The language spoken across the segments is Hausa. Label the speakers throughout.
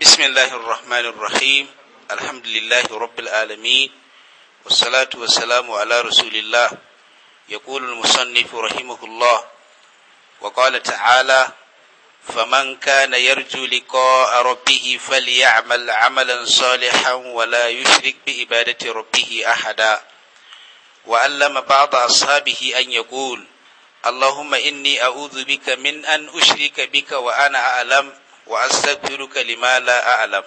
Speaker 1: بسم الله الرحمن الرحيم الحمد لله رب العالمين والصلاة والسلام على رسول الله يقول المصنف رحمه الله وقال تعالى فمن كان يرجو لقاء ربه فليعمل عملا صالحا ولا يشرك بعبادة ربه أحدا وعلم بعض أصحابه أن يقول اللهم إني أعوذ بك من أن أشرك بك وأنا أعلم وأستغفرك لما لا أعلم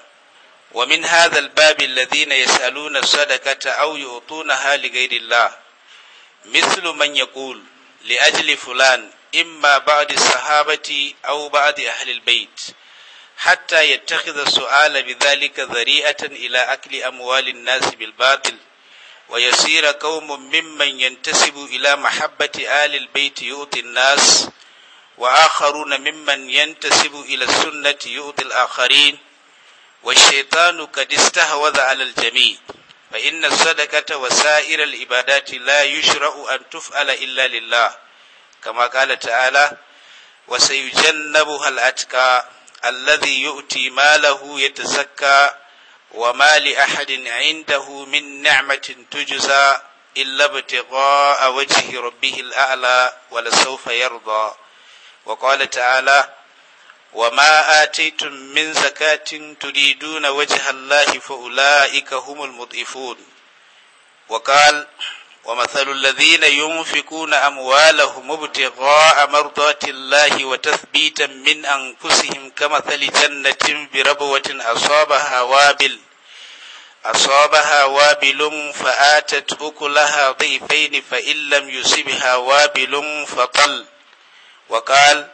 Speaker 1: ومن هذا الباب الذين يسألون الصدقة أو يعطونها لغير الله مثل من يقول لأجل فلان إما بعد الصحابة أو بعد أهل البيت حتى يتخذ السؤال بذلك ذريئة إلى أكل أموال الناس بالباطل ويسير قوم ممن ينتسب إلى محبة آل البيت يؤتي الناس وآخرون ممن ينتسب إلى السنة يؤذي الآخرين والشيطان قد استهوذ على الجميع فإن الصدقة وسائر العبادات لا يشرع أن تفعل إلا لله كما قال تعالى وسيجنبها الأتقى الذي يؤتي ماله يتزكى وما لأحد عنده من نعمة تجزى إلا ابتغاء وجه ربه الأعلى ولسوف يرضى وقال تعالى وما آتيتم من زكاة تريدون وجه الله فأولئك هم المضعفون وقال ومثل الذين ينفقون أموالهم ابتغاء مرضات الله وتثبيتا من أنفسهم كمثل جنة بربوة أصابها وابل أصابها وابل فآتت أكلها ضيفين فإن لم يصبها وابل فطل وقال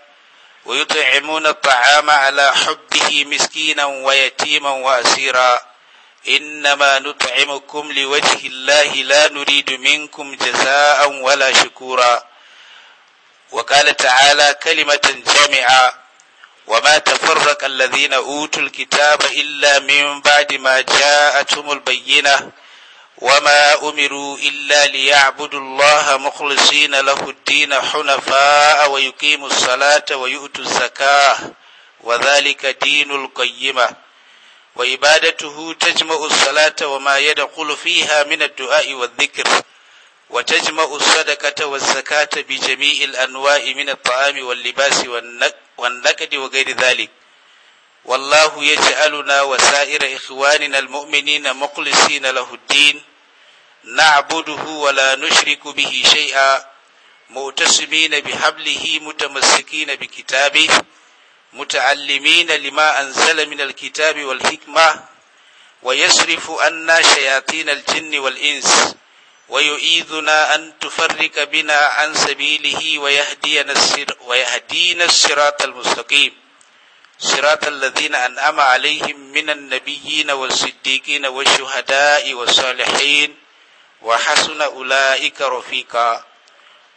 Speaker 1: ويطعمون الطعام على حبه مسكينا ويتيما واسيرا انما نطعمكم لوجه الله لا نريد منكم جزاء ولا شكورا وقال تعالى كلمه جامعه وما تفرق الذين اوتوا الكتاب الا من بعد ما جاءتهم البينه وما أمروا إلا ليعبدوا الله مخلصين له الدين حنفاء ويقيموا الصلاة ويؤتوا الزكاة وذلك دين القيمة وعبادته تجمع الصلاة وما يدخل فيها من الدعاء والذكر وتجمع الصدقة والزكاة بجميع الأنواع من الطعام واللباس والنكد وغير ذلك والله يجعلنا وسائر إخواننا المؤمنين مخلصين له الدين نعبده ولا نشرك به شيئا مؤتسمين بحبله متمسكين بكتابه متعلمين لما أنزل من الكتاب والحكمة ويصرف أنا شياطين الجن والإنس ويؤيذنا أن تفرق بنا عن سبيله ويهدينا الصراط المستقيم صراط الذين أنعم عليهم من النبيين والصديقين والشهداء والصالحين وحسن أولئك رفيقا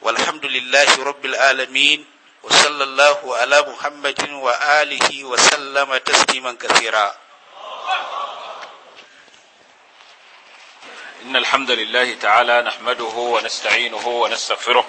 Speaker 1: والحمد لله رب العالمين وصلى الله على محمد وآله وسلم تسليما كثيرا
Speaker 2: إن الحمد لله تعالى نحمده ونستعينه ونستغفره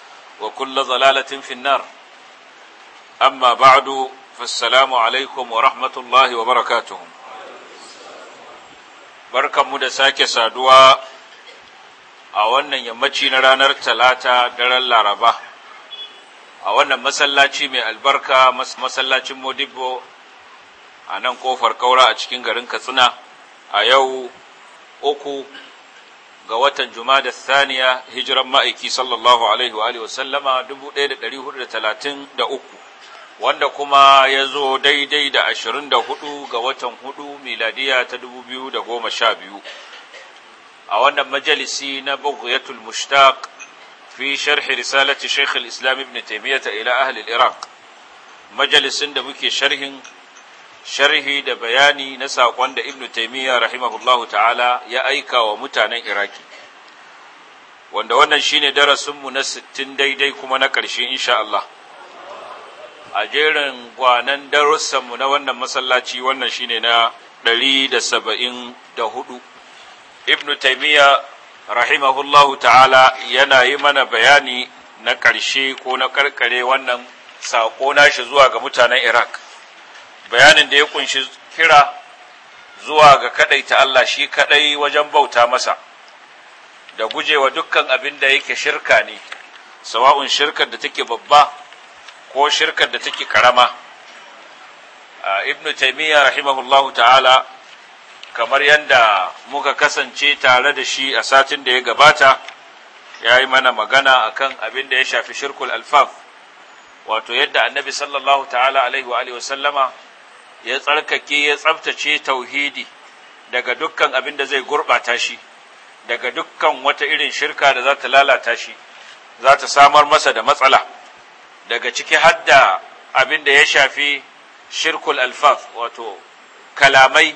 Speaker 2: وكل ضلالة في النار أما بعد فالسلام عليكم ورحمة الله وبركاته بركة مدساك سادوا أولا يمتشي نرانر تلاتة در اللاربة أولا مسلاتي من البركة مسلاتي مدبو a nan kofar kaura a cikin garin katsina a yau uku ga watan Jumada Thaniya hijiran ma'aiki sallallahu alaihi wa alihi wasallama 1433 wanda kuma ya zo daidai da 24 ga watan 4 miladiya ta 2012 a wannan majalisi na Bughyatul Mushtaq fi sharhi risalati Sheikh al-Islam Ibn Taymiyyah ila ahli iraq majalisin da muke sharhin sharhi da bayani na saƙon da Ibn Taymiyyah rahimahullahu ta'ala ya aika wa mutanen iraki wanda wannan shine mu na sittin daidai kuma na ƙarshe insha Allah a jerin gwanan darussanmu na wannan masallaci wannan shine na ɗari da saba'in da hudu ibnu rahimahullahu ta'ala yana yi mana bayani na ƙarshe ko na ƙarƙare wannan saƙo nashi zuwa ga mutanen iraq bayanin da ya kunshi kira zuwa ga kadaita Allah shi kadai wajen bauta masa da gujewa dukkan abin da yake shirka ne sawa'un shirkar da take babba ko shirkar da take karama ibn taymiya rahimahullahu ta'ala kamar yadda muka kasance tare da shi a satin da ya gabata ya yi mana magana akan abin da ya shafi shirkul alfaf wato yadda annabi sallallahu ta'ala alaihi wa sallama. ya tsarkake ya tsabtace tauhidi daga dukkan abin da zai gurɓata shi daga dukkan wata irin shirka da za ta lalata shi za ta samar masa da matsala daga ciki hadda abin da ya shafi shirkul alfaf wato kalamai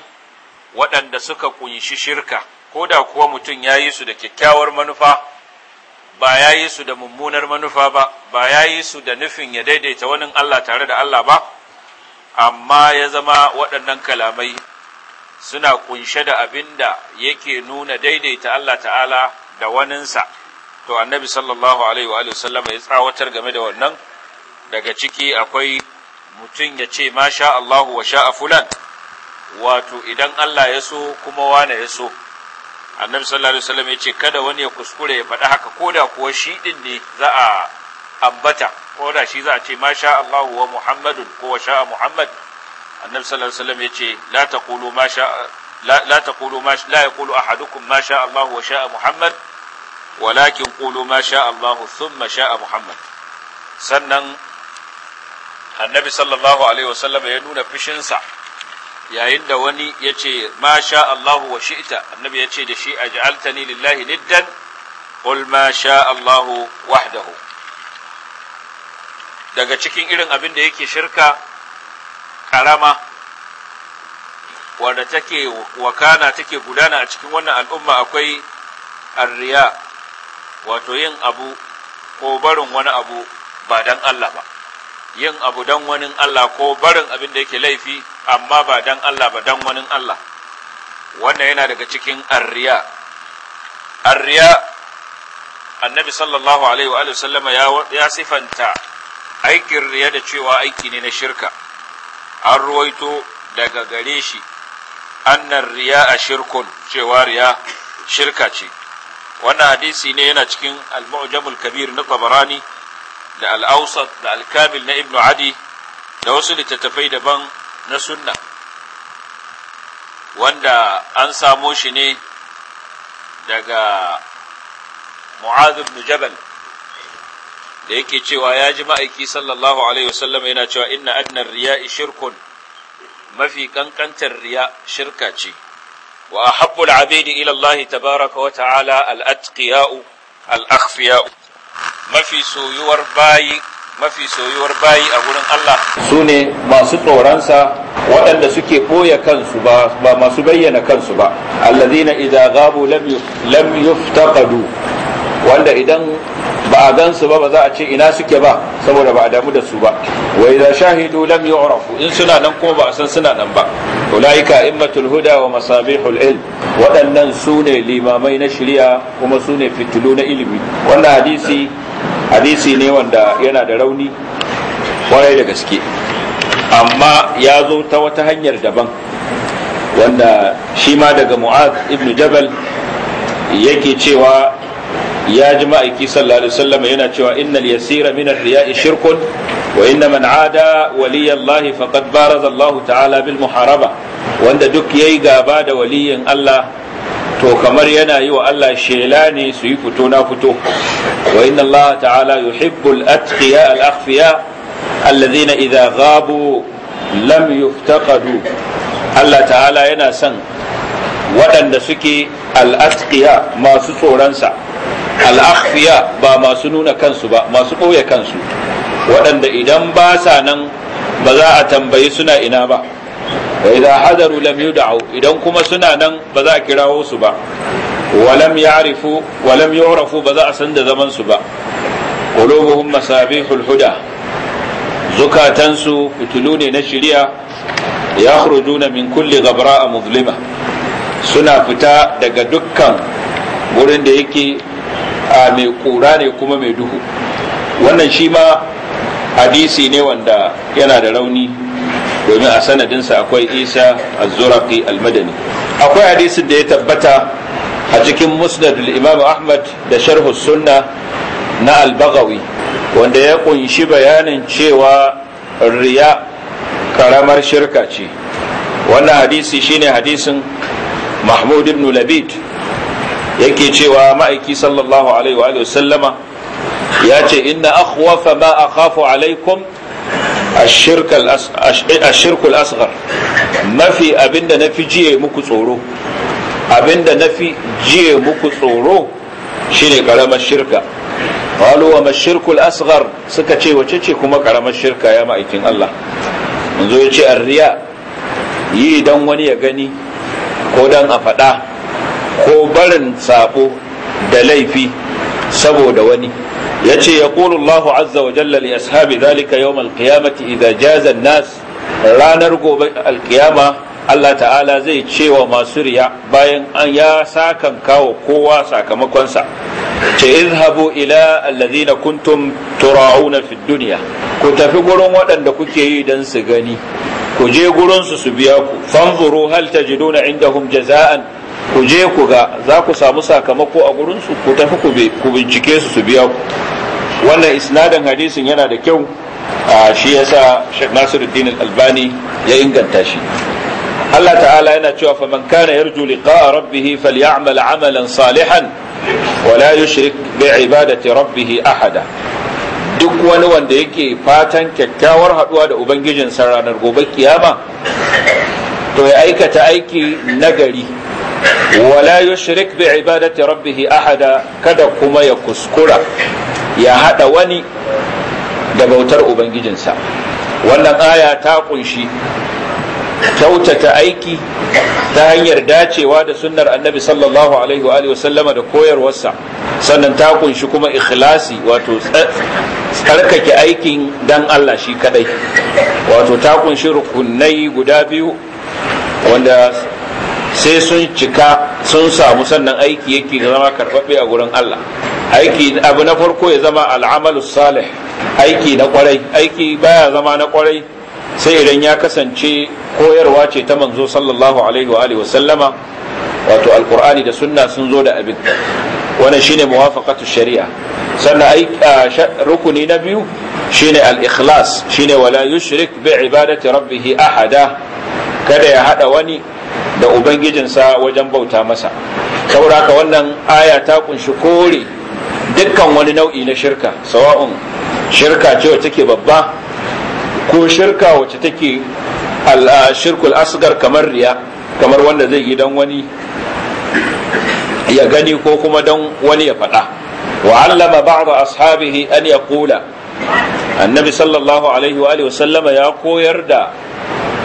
Speaker 2: waɗanda suka kunshi shirka ko da kuwa mutum ya yi su da kyakkyawar manufa ba ya yi su da mummunar manufa ba ba ya yi su da nufin ya daidaita wani Allah tare da Allah ba amma ya zama waɗannan kalamai suna kunshe da abin da yake nuna daidaita Allah ta'ala da waninsa to annabi sallallahu alaihi wa sallama ya tsawatar game da wannan daga ciki akwai mutum ya ce ma sha Allahu wa sha fulan wato idan Allah ya so kuma wane ya so annabi sallallahu alaihi wa sallam ya ce kada wani ya kuskure ya faɗi haka ko da kuwa shi din ne za a ambata ko da shi za a ce ma sha Allahu wa Muhammadun ko wa sha'a Muhammad annabi sallallahu alaihi wasallam yace la taqulu ma sha la taqulu ma la yaqulu ahadukum ma sha Allahu wa sha'a Muhammad walakin qulu ma sha Allahu thumma sha'a Muhammad sannan annabi sallallahu alaihi wasallam ya nuna fishinsa yayin da wani ya ce ma sha Allahu wa shi'ta annabi ya ce da shi aj'altani lillahi niddan qul ma sha Allahu wahdahu daga cikin irin abin da yake shirka karama wanda take wakana take gudana a cikin wannan al'umma akwai arriya wato yin abu ko barin wani abu ba dan Allah ba yin abu dan wani Allah ko barin abin da yake laifi amma ba dan Allah ba dan wani Allah wannan yana daga cikin arriya arriya annabi sallallahu alaihi wa sallama ya sifanta aikin riya da cewa aiki ne na shirka an ruwaito daga gare shi annar riya a shirkun cewa riya shirka ce wannan hadisi ne yana cikin al-mu'jamul kabir na tabarani da al-awsat da al-kamil na ibnu adi da wasu littattafai daban na sunna wanda an samo shi ne daga mu'adh ibn jabal da yake cewa ya ji ma'aiki sallallahu alaihi wasallam yana cewa inna adnan riya'i shirkun mafi kankantar riya shirka ce wa habbul abidi ila tabaraka wa ta'ala al-atqiya'u al mafi soyuwar bayi mafi soyuwar bayi a gurin Allah su ne masu tsoronsa waɗanda suke ɓoye kansu ba masu bayyana kansu ba allazina idza ghabu lam yuftaqadu wanda idan ba a gansu ba ba za a ce ina suke ba saboda ba a damu da su ba wa idza shahidu lam yu'rafu in suna nan ko ba a san suna nan ba ulaika immatul huda wa masabihul ilm waɗannan su ne limamai na shari'a kuma su ne fitilu na ilimi wannan hadisi hadisi ne wanda yana da rauni kwarai da gaske amma ya zo ta wata hanyar daban wanda shi ma daga mu'ad ibn jabal yake cewa ya ji ma'aiki sallallahu alaihi wasallam yana cewa innal yasira min ar-riya'i shirkun wa inna man ada waliya Allah faqad baraza Allah ta'ala bil muharaba wanda duk yayi gaba da waliyin Allah to kamar yana yi wa Allah shela ne su yi fito na fito wa inna Allah ta'ala yuhibbu al-atqiya al-akhfiya alladhina idha ghabu lam yuftaqadu Allah ta'ala yana son waɗanda suke al-atqiya masu tsoronsa Al'afiya ba masu nuna kansu ba masu ɓoye kansu waɗanda idan ba sa nan ba za a tambayi suna ina ba
Speaker 1: wa idza hadaru
Speaker 2: lam idan kuma suna nan ba za a kirawo su ba walam ya'rifu walam yu'rafu ba za a san da zaman su ba qulubuhum masabihul huda zukatansu fitilu ne na shiriya ya khurujuna min kulli ghabra'a muzlima suna fita daga dukkan wurin da yake A mai kura ne kuma mai duhu wannan shi ma hadisi ne wanda yana da rauni domin a sanadinsa akwai isa az-zuraqi al-madani akwai hadisin da ya tabbata a cikin musnad al-imam ahmad da Sharhu sunna na al wanda ya kunshi bayanin cewa riya karamar shirka ce wannan hadisi shine hadisin mahmud ibn labid yake cewa ma'aiki sallallahu alaihi wa sallama ya ce inna akhwafa ma akhafu alaikum ashirkul asghar mafi abinda na fi jiye muku tsoro abinda na fi jiye muku tsoro shine karamar shirka qalu wa mashirkul asghar suka ce wace ce kuma karamar shirka ya ma'aikin Allah yanzu ya ce arriya yi dan wani ya gani ko dan a faɗa ko barin sabo da laifi saboda wani ya ce ya Allahu azza wa jalla li ashabi zalika yawm alqiyamati idza jaza nas ranar gobe alqiyama Allah ta'ala zai cewa masu riya bayan an ya sakan kawo kowa sakamakonsa ce izhabu ila allazina kuntum tura'una fid dunya ku tafi gurin waɗanda kuke yi dan su gani ku je gurin su su biya ku fanzuru hal tajiduna indahum jaza'an ku je ku ga za ku samu sakamako a gurinsu ku tafi ku bincike su su biya ku wannan isnadin hadisin yana da kyau a shi yasa Sheikh Nasiruddin Al-Albani ya inganta shi Allah ta'ala yana cewa fa man kana yarju liqa'a rabbih falyamal 'amalan salihan wa la yushrik bi ibadati rabbih ahada duk wani wanda yake fatan kyakkyawar haduwa da ubangijin sa ranar gobe kiyama to ya aikata aiki nagari wala yushrik bi ibadati rabbihi ahada kada kuma ya kuskura ya hada wani da bautar ubangijinsa wannan aya ta kunshi kyautata aiki ta hanyar dacewa da sunnar annabi sallallahu alaihi wa sallama da koyarwarsa sannan ta kunshi kuma ikhlasi wato tsarkake aikin dan Allah shi kadai wato ta kunshi rukunai guda biyu wanda sai sun cika sun samu sannan aiki yake zama karɓaɓɓe a gurin Allah aiki abu na farko ya zama al'amalu salih aiki na kwarai aiki baya zama na kwarai sai idan ya kasance koyarwa ce ta manzo sallallahu alaihi wa alihi wato alqur'ani da sunna sun zo da abin wannan shine muwafaqatu shari'a sannan rukuni na biyu shine al-ikhlas shine wala yushrik bi ibadati rabbih ahada kada ya hada wani da ubangijinsa wajen bauta masa sauraka wannan aya ta kunshi kore dukkan wani nau'i na shirka sawa'un shirka ce wacce take babba ko shirka wacce take shirkul asgar kamar riya kamar wanda zai yi don wani ya gani ko kuma don wani ya faɗa wa allama ba'd ashabihi an kula. annabi sallallahu alaihi wa sallama ya koyar da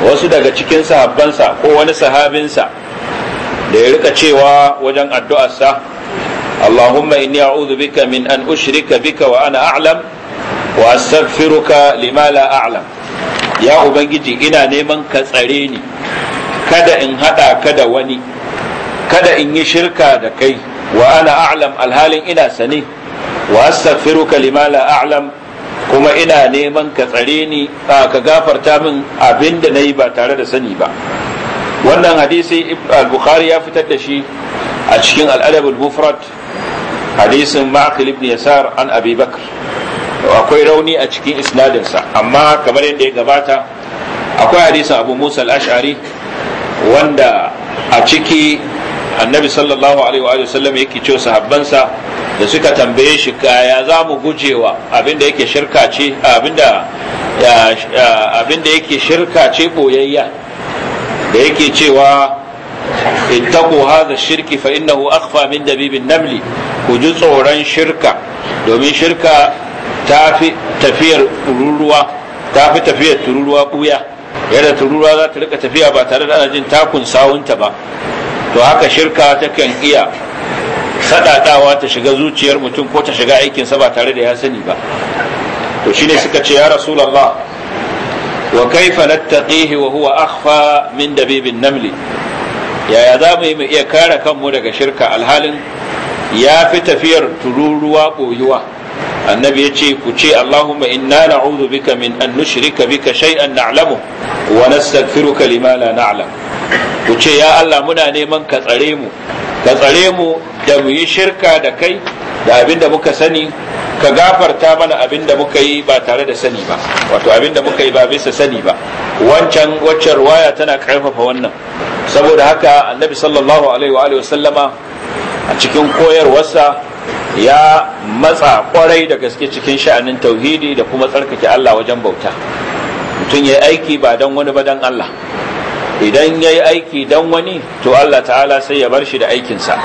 Speaker 2: wasu daga cikin sahabbansa ko wani sahabinsa da ya rika cewa wajen addu'arsa Allahumma inni a'udhu bika min an ushrika bika wa ana a'lam wa astaghfiruka lima la a'lam ya ubangiji ina neman ka tsare ni kada in hada ka da wani kada in yi shirka da kai wa ana a'lam alhalin ina sane wa astaghfiruka lima la a'lam kuma ina neman ka tsare ni ka gafarta min abin da na yi ba tare da sani ba wannan hadisi al-bukhari ya fitar da shi a cikin al-adab al-mufrad hadisin ma'qil ibn yasar an abi bakr akwai rauni a cikin isnadinsa amma kamar yadda ya gabata akwai hadisin abu musa al-ash'ari wanda a ciki annabi sallallahu alaihi wa sallam yake cewa sahabbansa da suka tambaye shi kaya za mu gujewa abinda yake shirka ce abinda abinda yake shirka ce boyayya da yake cewa ittaqu hadha shirki fa innahu akhfa min dabibin namli ku ji tsoron shirka domin shirka ta fi tafiyar tururuwa ta fi tafiyar tururuwa buya yadda tururuwa za ta rika tafiya ba tare da ana jin takun sawunta ba to haka shirka takan iya sadadawa ta shiga zuciyar mutum ko ta shiga aikinsa ba tare da ya sani ba to shine suka ce ya rasulullah wa kaifa nattaqihi wa huwa akhfa min dabibin namli yaya za mu yi mu iya kare kanmu daga shirka alhalin ya fi tafiyar tururuwa ɓoyuwa annabi ya ce ku ce allahumma inna na'udhu bika min an nushrika bika shay'an na'lamu wa nastaghfiruka lima la na'lam ku ce ya allah muna neman ka tsare mu ka tsare mu da mu yi shirka da kai da abin da muka sani ka gafarta mana abin da muka yi ba tare da sani ba wato abin da muka yi ba bisa sani ba wancan waccan ruwaya tana karfafa wannan saboda haka annabi sallallahu alaihi wa sallama a cikin koyarwarsa ya matsa kwarai da gaske cikin sha'anin tauhidi da kuma tsarkake Allah wajen bauta mutum ya yi aiki ba don wani ba don Allah idan ya yi aiki don wani to Allah ta'ala sai ya bar shi da aikinsa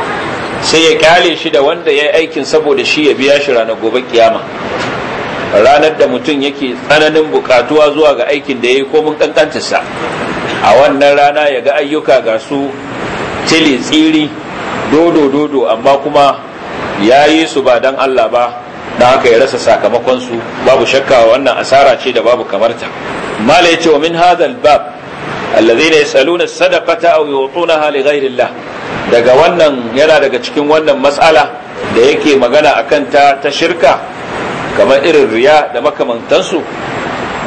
Speaker 2: sai ya kyale shi da wanda ya yi aikin saboda shi ya biya shi ranar gobe kiyama ranar da mutum yake tsananin bukatuwa zuwa ga aikin da ya yi komin kankantarsa a wannan rana ya ga ayyuka ga su tili tsiri dodo dodo amma kuma ya yi su ba dan Allah ba da haka ya rasa sakamakonsu, babu shakka wannan asara ce da babu kamarta mala yace wa min hadha bab alladhina yasaluna sadaqata aw yu'tunaha li ghayri daga wannan yana daga cikin wannan matsala da yake magana akan ta ta shirka kamar irin riya da makamantansu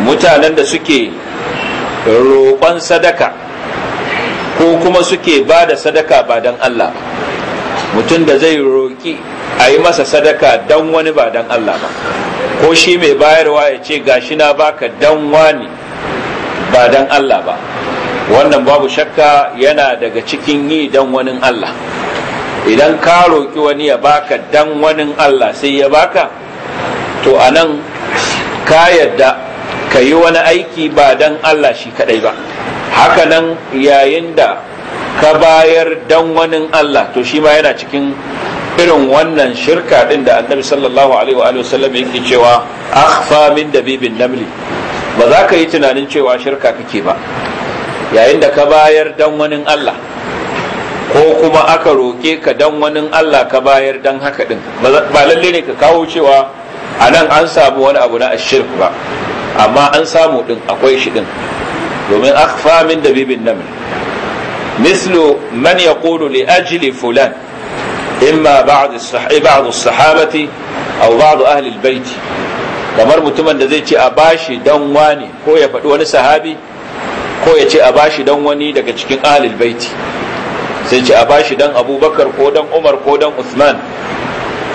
Speaker 2: mutanen da suke roƙon sadaka ko kuma suke ba da sadaka ba don Allah mutum da zai roki. a yi masa sadaka dan wani ba dan Allah ba ko shi mai bayarwa ya ce gashi na baka dan wani ba dan Allah ba wannan babu shakka yana daga cikin yi dan wani Allah idan ka roƙi wani ya baka dan wani Allah sai ya baka to a nan ka yadda ka yi wani aiki ba dan Allah shi kadai ba haka nan yayin da ka bayar dan wani Allah to shi ma yana cikin irin wannan shirka din da annabi sallallahu alaihi wa sallam yake cewa akhfa min dabibin namli ba za ka yi tunanin cewa shirka kake ba yayin da ka bayar dan wani Allah ko kuma aka roke ka dan wani Allah ka bayar dan haka din ba lalle ne ka kawo cewa anan nan an samu wani abu na ashirk ba amma an samu din akwai shi din domin akhfa min dabibin namli mislu man yaqulu li ajli fulan imma ba'd as-sahabati aw ba'd ahli al kamar mutumin da zai ce a bashi dan wani ko ya faɗi wani sahabi ko ya ce a bashi dan wani daga cikin ahlul baiti sai ce a bashi dan abubakar ko dan umar ko dan usman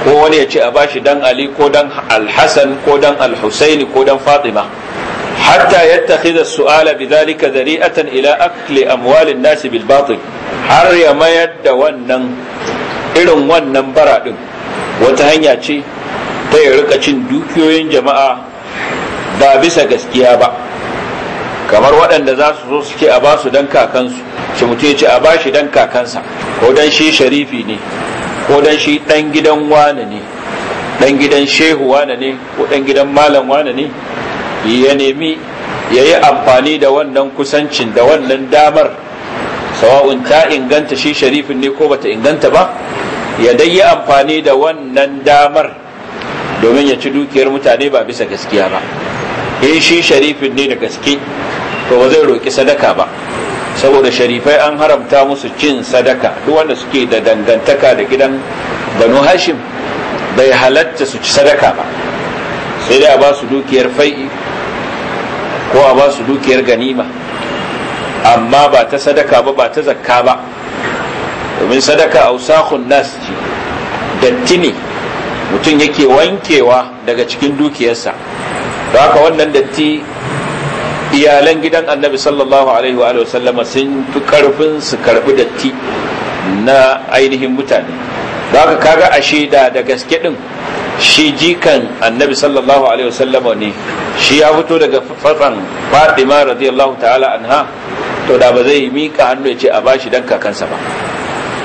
Speaker 2: ko wani ya ce a bashi dan ali ko dan alhassan ko dan alhusaini ko dan fatima hatta yattakhidha as-su'ala bidhalika zari'atan ila akli amwalin nasi bil batil har ya mayar da wannan irin wannan bara din wata hanya ce ta yi rika cin dukiyoyin jama'a ba bisa gaskiya ba kamar waɗanda za su zo suke a basu dan kakansu su mutu ya ce a bashi dan kakansa ko don shi sharifi ne ko don shi ɗan gidan wane ne ɗan gidan shehu wane ne ko ɗan gidan malam wane ne ya nemi ya yi amfani da wannan kusancin da wannan damar sawa'un ta inganta shi sharifin ne ko bata inganta ba ya dai yi amfani da wannan damar domin ya ci dukiyar mutane ba bisa gaskiya ba in eh, shi sharifin ne da gaske to ba zai roƙi sadaka ba saboda sharifai an haramta musu cin sadaka duk wanda suke da dangantaka da gidan banu hashim bai halatta su ci sadaka ba sai dai a ba su dukiyar fai'i ko a ba su dukiyar ganima amma ba ta sadaka ba ba ta zakka ba domin sadaka ausakhun nas datti ne mutum yake wankewa daga cikin dukiyarsa da haka wannan datti iyalan gidan annabi sallallahu alaihi wa sallama sun fi karfin su karbi datti na ainihin mutane da haka kaga ashe da da gaske din shi jikan annabi sallallahu alaihi sallama ne shi ya fito daga fafan fatima radiyallahu ta'ala anha to da ba zai yi mika hannu ya ce a bashi dan kakansa ba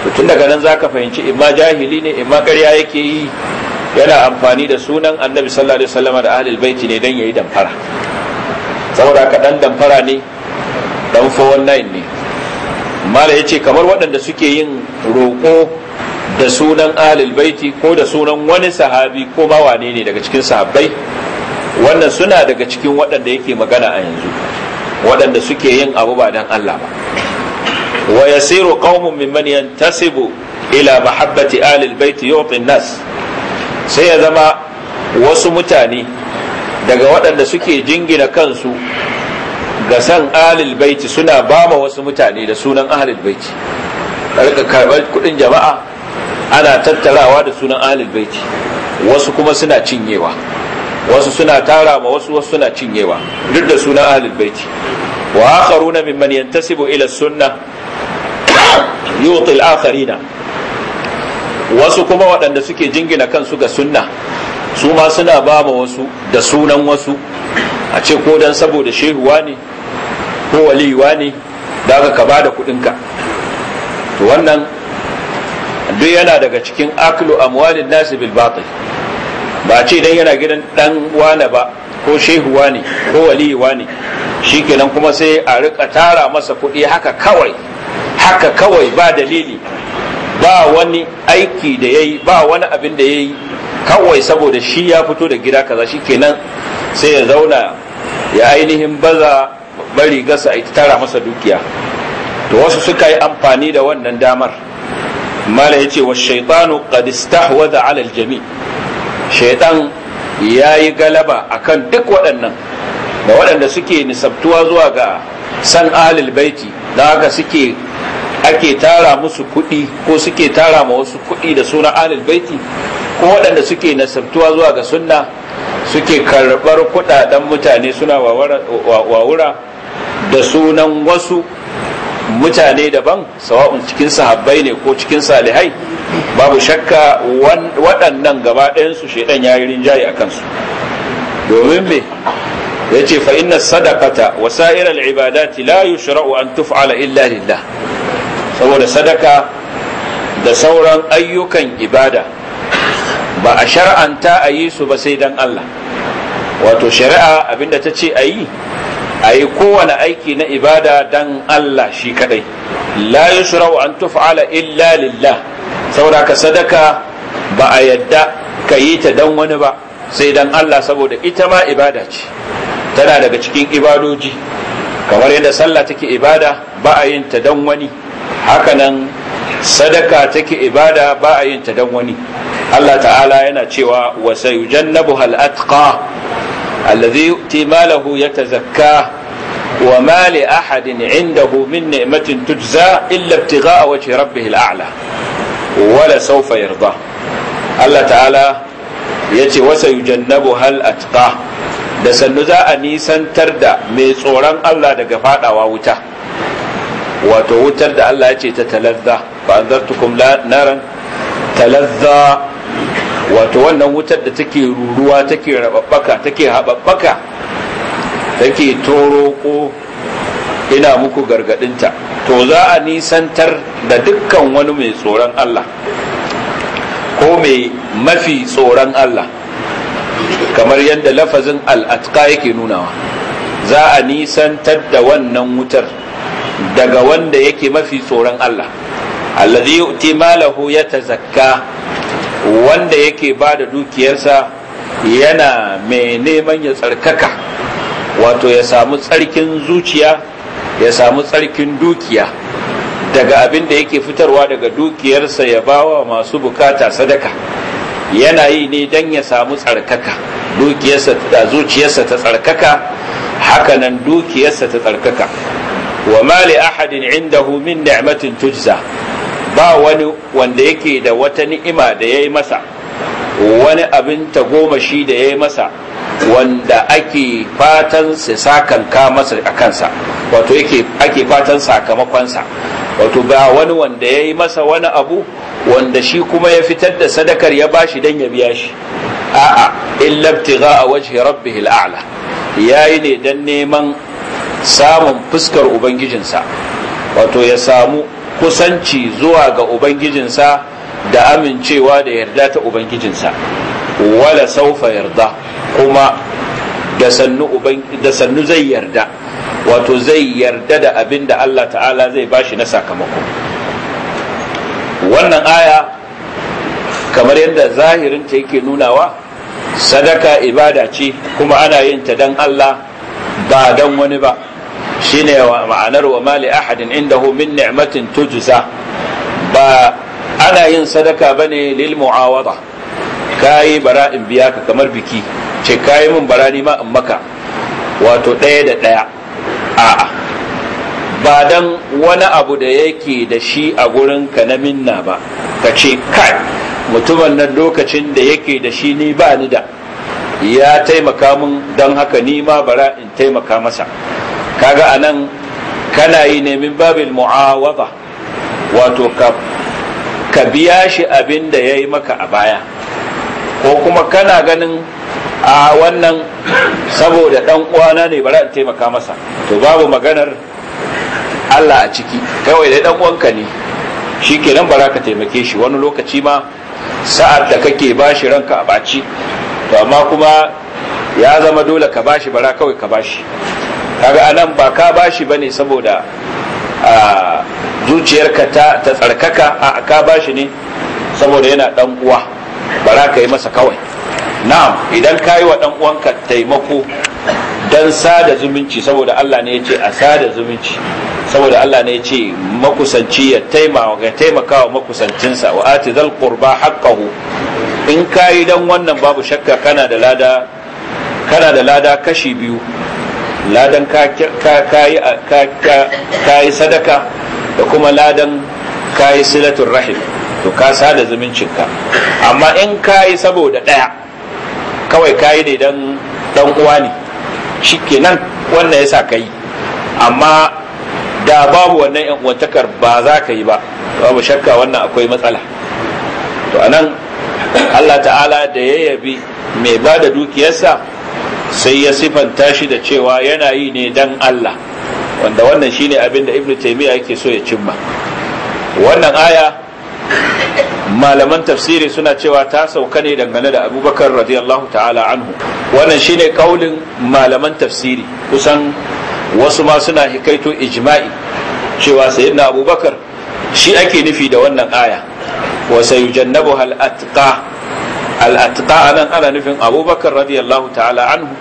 Speaker 2: to tun daga nan zaka fahimci imma jahili ne imma ƙarya yake yi yana amfani da sunan annabi sallallahu alaihi da ahlul baiti ne dan yayi damfara saboda ka damfara ne dan 419 ne mala yace kamar waɗanda suke yin roƙo da sunan ahlul baiti ko da sunan wani sahabi ko ba wane ne daga cikin sahabbai wannan suna daga cikin waɗanda yake magana a yanzu waɗanda suke yin abu ba dan Allah ba wa yasiru qaumun mimman yantasibu ila mahabbati alilbaiti albayt yu'ti nas sai ya zama wasu mutane daga waɗanda suke jingina kansu ga san alil albayt suna bama wasu mutane da sunan ahli albayt karka karɓar kuɗin jama'a ana tattarawa da sunan ahli albayt wasu kuma suna cinyewa wasu suna tara ma wasu wasu suna cinyewa duk da suna ahlul baiti wa akharuna mimman yantasibu ila sunna yuti al-akharina wasu kuma waɗanda suke jingina kansu ga sunna su ma suna ba ma wasu da sunan wasu a ce ko dan saboda shehuwa ne ko waliyuwa ne da aka ka bada kuɗinka to wannan duk yana daga cikin aklu amwalin nasi bil batil ba ce dan yana gidan dan wane ba ko shehu wane ko waliyi wane shikenan kuma sai a rika tara masa kuɗi haka kawai haka kawai ba dalili ba wani aiki da yayi ba wani abin da yayi kawai saboda shi ya fito da gida kaza shikenan sai ya zauna ya ainihin baza bari gasa ita tara masa dukiya to wasu suka yi amfani da wannan damar mala yace wa shaytanu qad istahwadha ala al shaidan ya yi galaba akan duk waɗannan da waɗanda suke nisabtuwa zuwa ga san alil baiti da haka suke ake tara musu kuɗi ko suke tara ma wasu kuɗi da suna alil baiti ko waɗanda suke nasabtuwa zuwa ga sunna suke karɓar kuɗaɗen mutane suna wawura da sunan wasu mutane daban sawa'un cikin sahabbai ne ko cikin salihai babu shakka waɗannan gaba ɗayansu shaidan ya yi rinjaye a kansu domin me ya ce fa inna sadakata, wa ibada ibadati shara'u yushra'u an tuf'ala illa lillah saboda sadaka da sauran ayyukan ibada ba a shar'anta a yi su ba sai dan Allah wato shari'a abinda ta ce a yi a yi kowane aiki na ibada don Allah shi kadai la shirau an tuf'ala illa lillah saboda ka sadaka ba a yadda ka yi ta dan wani ba sai don Allah saboda ita ma ibada ce tana daga cikin ibadoji kamar yadda sallah take ibada ba a yin ta dan wani hakanan sadaka take ibada ba a yin ta dan wani Allah ta'ala yana cewa wa sayujannabu hal atqa allazi yu'ti malahu yatazakka wa ma li ahadin indahu min ni'matin tujza illa ibtigha'a wajhi rabbih al'ala wala sawfa yarda Allah ta'ala yace wasa yujannabu hal atqa da sannu za a nisantar da mai tsoron Allah daga fadawa wuta wato wutar da Allah ya ce ta talazza fa anzartukum naran talazza wato wannan wutar da take ruruwa take rababbaka take haɓaɓɓaka take ko ina muku gargadinta to za a nisantar da dukkan wani mai tsoron Allah ko mai mafi tsoron Allah kamar yadda lafazin al'atka yake nunawa za a nisantar da wannan wutar daga wanda yake mafi tsoron Allah allazi yu'ti malahu yatazakka wanda yake ba da dukiyarsa yana mai neman ya tsarkaka wato ya samu tsarkin zuciya ya samu tsarkin dukiya daga abin da yake fitarwa daga dukiyarsa ya bawa masu bukata sadaka yana yi ne don ya samu tsarkaka dukiyarsa da zuciyarsa ta tsarkaka hakanan dukiyarsa ta tsarkaka wa mali ahadin indahu min ni'matin tujza ba wani wanda yake da wata ni'ima da ya yi masa wani abin ta goma shi da ya yi masa wanda ake fatan sakanka masa a kansa wato ake fatan sakamakonsa wato ba wani wanda ya yi masa wani abu wanda shi kuma ya fitar da sadakar ya bashi dan ya biya shi a'a illa ibtigha a wajhi rabbihil a'la yayi ne dan neman samun fuskar ubangijinsa wato ya samu kusanci zuwa ga ubangijinsa da amincewa da yarda ta ubangijinsa wala saufa yarda kuma da sannu zai yarda wato zai yarda da abin da Allah ta'ala zai bashi na sakamako wannan aya kamar yadda zahirinta yake nunawa sadaka ibada ce kuma ana yin ta don Allah ba don wani ba shine ma'anar wa mali ahadin indahu min ni'matin tujza ba ana yin sadaka bane lil mu'awada kai bara'in biya ka kamar biki ce kai min bara ni ma in maka wato ɗaya da ɗaya a'a ba dan wani abu da yake da shi a gurin ka na minna ba ka ce kai mutumin nan lokacin da yake da shi ni ba ni da ya taimaka min don haka ni ma bara in taimaka masa kaga anan kana yi ne min babil wato ka biya shi abin da ya yi maka a baya ko kuma kana ganin a wannan saboda dan uwana ne bari in taimaka masa to babu maganar Allah a ciki kawai dai dan uwanka ne shi kenan bara ka taimake shi wani lokaci ma sa'ad da kake bashi ranka a baci to amma kuma ya zama dole ka bashi bara kawai ka bashi kaga anan ba ka bashi bane saboda a zuciyarka ta ta tsarkaka a ka bashi ne saboda yana dan uwa bara ka yi masa kawai na'am idan ka yi wa dan uwanka taimako dan sada zumunci saboda Allah ne ya ce a sada zumunci saboda Allah ne ya makusanci ya taimakawa makusancinsa wa ati zal qurba haqqahu in ka yi dan wannan babu shakka kana da lada kana da lada kashi biyu ladan ka yi sadaka da kuma ladan ka yi silatun rahim to ka sada zumuncinka amma in ka yi saboda ɗaya kawai ka yi ne don ɗan uwa ne shi kenan wannan ya sa ka yi amma da babu wannan uwantakar ba za ka yi ba babu shakka wannan akwai matsala to anan Allah ta'ala da ya yabi mai ba da dukiyarsa sai ya sifanta shi da cewa yana yi ne dan Allah wanda wannan shine abin da ibnu taymiya yake so ya cimma wannan aya malaman tafsiri suna cewa ta sauka ne dangane da abubakar radiyallahu ta'ala anhu wannan shine kaulin malaman tafsiri kusan wasu ma suna hikaito ijma'i cewa sayyidina abubakar shi ake nufi da wannan aya wa sayujannabuha al-atqa a nan ana nufin abubakar radiyallahu ta'ala anhu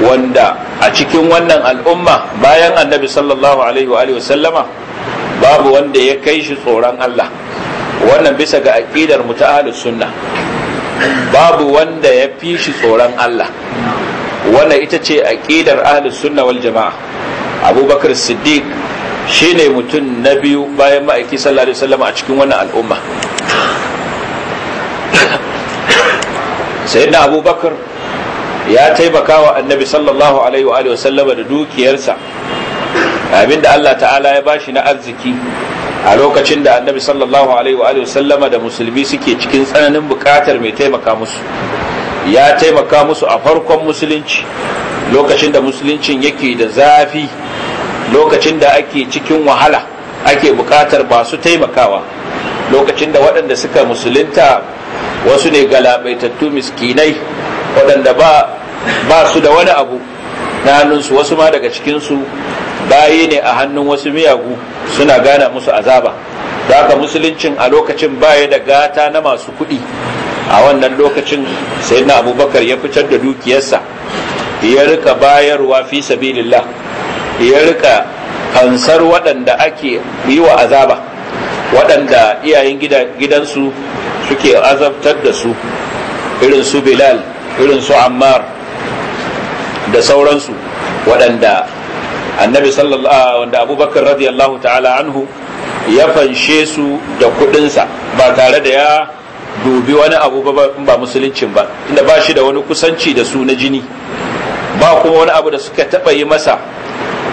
Speaker 2: wanda a cikin wannan al'umma bayan annabi sallallahu alaihi wa sallama babu wanda ya kai shi tsoron Allah wannan bisa ga ta mutahalus sunna babu wanda ya fi shi tsoron Allah wannan ita ce aƙidar ahlus sunna wal jama'a abubakar siddiq shine mutum na biyu bayan ma'aiki sallallahu alaihi a cikin wannan al'umma sayyidina abubakar ya taimaka wa annabi sallallahu alaihi wa sallama da dukiyarsa abinda Allah ta'ala ya bashi na arziki a lokacin da annabi sallallahu alaihi wa sallama da musulmi suke cikin tsananin bukatar mai taimaka musu ya taimaka musu a farkon musulunci lokacin da musuluncin yake da zafi lokacin da ake cikin wahala ake bukatar basu taimakawa lokacin da waɗanda suka musulunta wasu ne galabaitattu miskinai waɗanda ba su da wani abu na hannunsu wasu ma daga cikinsu bayi ne a hannun wasu miyagu suna gana musu azaba da haka musuluncin a lokacin baya da gata na masu kuɗi a wannan lokacin sai na abubakar ya fitar da dukiyarsa ya rika bayarwa fi sabilillah ya rika fansar waɗanda ake yi wa azaba waɗanda iyayen gidansu suke azabtar da su irin su bilal irin su ammar da sauransu waɗanda annabi sallallahu ah, wanda abubakar radiyallahu ta'ala anhu ya fanshe su da kuɗinsa ba tare da ya dubi wani abu ba musuluncin ba inda ba shi da wani kusanci da su na jini ba kuma wani abu da suka taɓa yi masa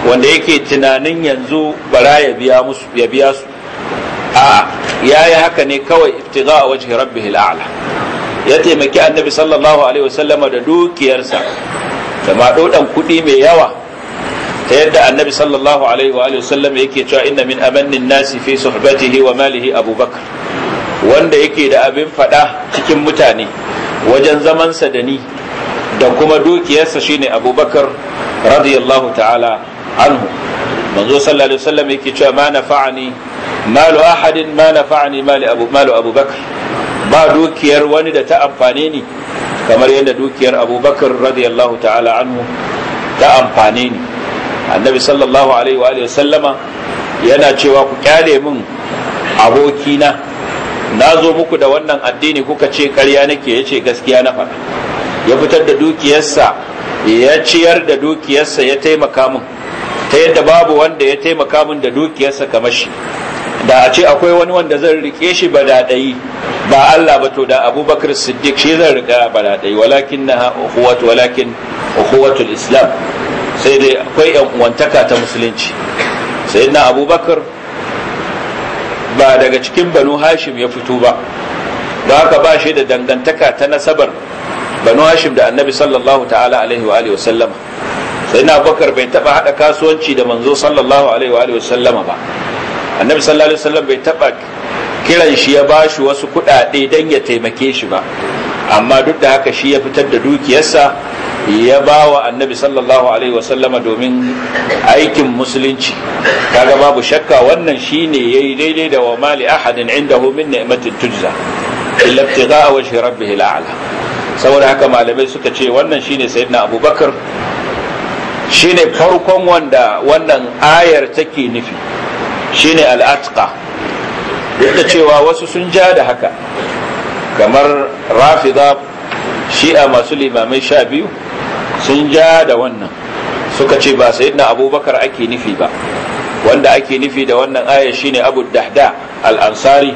Speaker 2: wanda yake tunanin yanzu bara ya biya ya biya su ya yi haka ne kawai iftiga a wajen rabbi al'ala ya taimaki annabi sallallahu alaihi wasallama da dukiyarsa da madodan kuɗi mai yawa ta yadda annabi sallallahu alaihi wa sallam yake cewa inna min amannin nasi fi suhbatihi wa malihi abubakar wanda yake da abin faɗa cikin mutane wajen zamansa da ni da kuma dukiyarsa shine abubakar radiyallahu ta'ala anhu manzo sallallahu alaihi wasallam yake cewa ma nafa'ani malu ahadin ma nafa'ani mali abu malu abubakar ba dukiyar wani da ta amfane ni kamar yadda dukiyar abubakar radiyallahu ta'ala an mu ta amfane ni annabi sallallahu alaihi wa alihi sallama yana cewa ku kyale min abokina na zo muku da wannan addini kuka ce karya nake ya ce gaskiya na faɗa ya fitar da dukiyarsa ya ciyar da dukiyarsa ya taimaka min ta yadda babu wanda ya taimaka min da dukiyarsa kamar shi da a ce akwai wani wanda zan rike shi ba daɗayi ba Allah ba to da abubakar siddiq shi zan rika ba daɗayi walakin na ukuwatu walakin ukuwatul islam sai dai akwai yan uwantaka ta musulunci sai na abubakar ba daga cikin banu hashim ya fito ba ba haka ba shi da dangantaka ta nasabar banu hashim da annabi sallallahu ta'ala alaihi wa alihi wasallama sai na abubakar bai taba hada kasuwanci da manzo sallallahu alaihi wa alihi wasallama ba annabi sallallahu alaihi wasallam bai taba kiran shi ya bashi wasu kuɗaɗe dan ya taimake shi ba amma duk da haka shi ya fitar da dukiyarsa ya ba wa annabi sallallahu alaihi wasallama domin aikin musulunci kaga babu shakka wannan shine yayi daidai da wa mali ahadin indahu min ni'matin tujza illa ibtigha'a wajhi rabbih al'ala saboda haka malamai suka ce wannan shine sayyidina abubakar shine farkon wanda wannan ayar take nufi shine al'atqa duk da cewa wasu sun ja da haka kamar rafida shi'a masu limamai sha biyu sun ja da wannan suka ce ba na abubakar ake nufi ba wanda ake nufi da wannan aya shine abu dahda al-ansari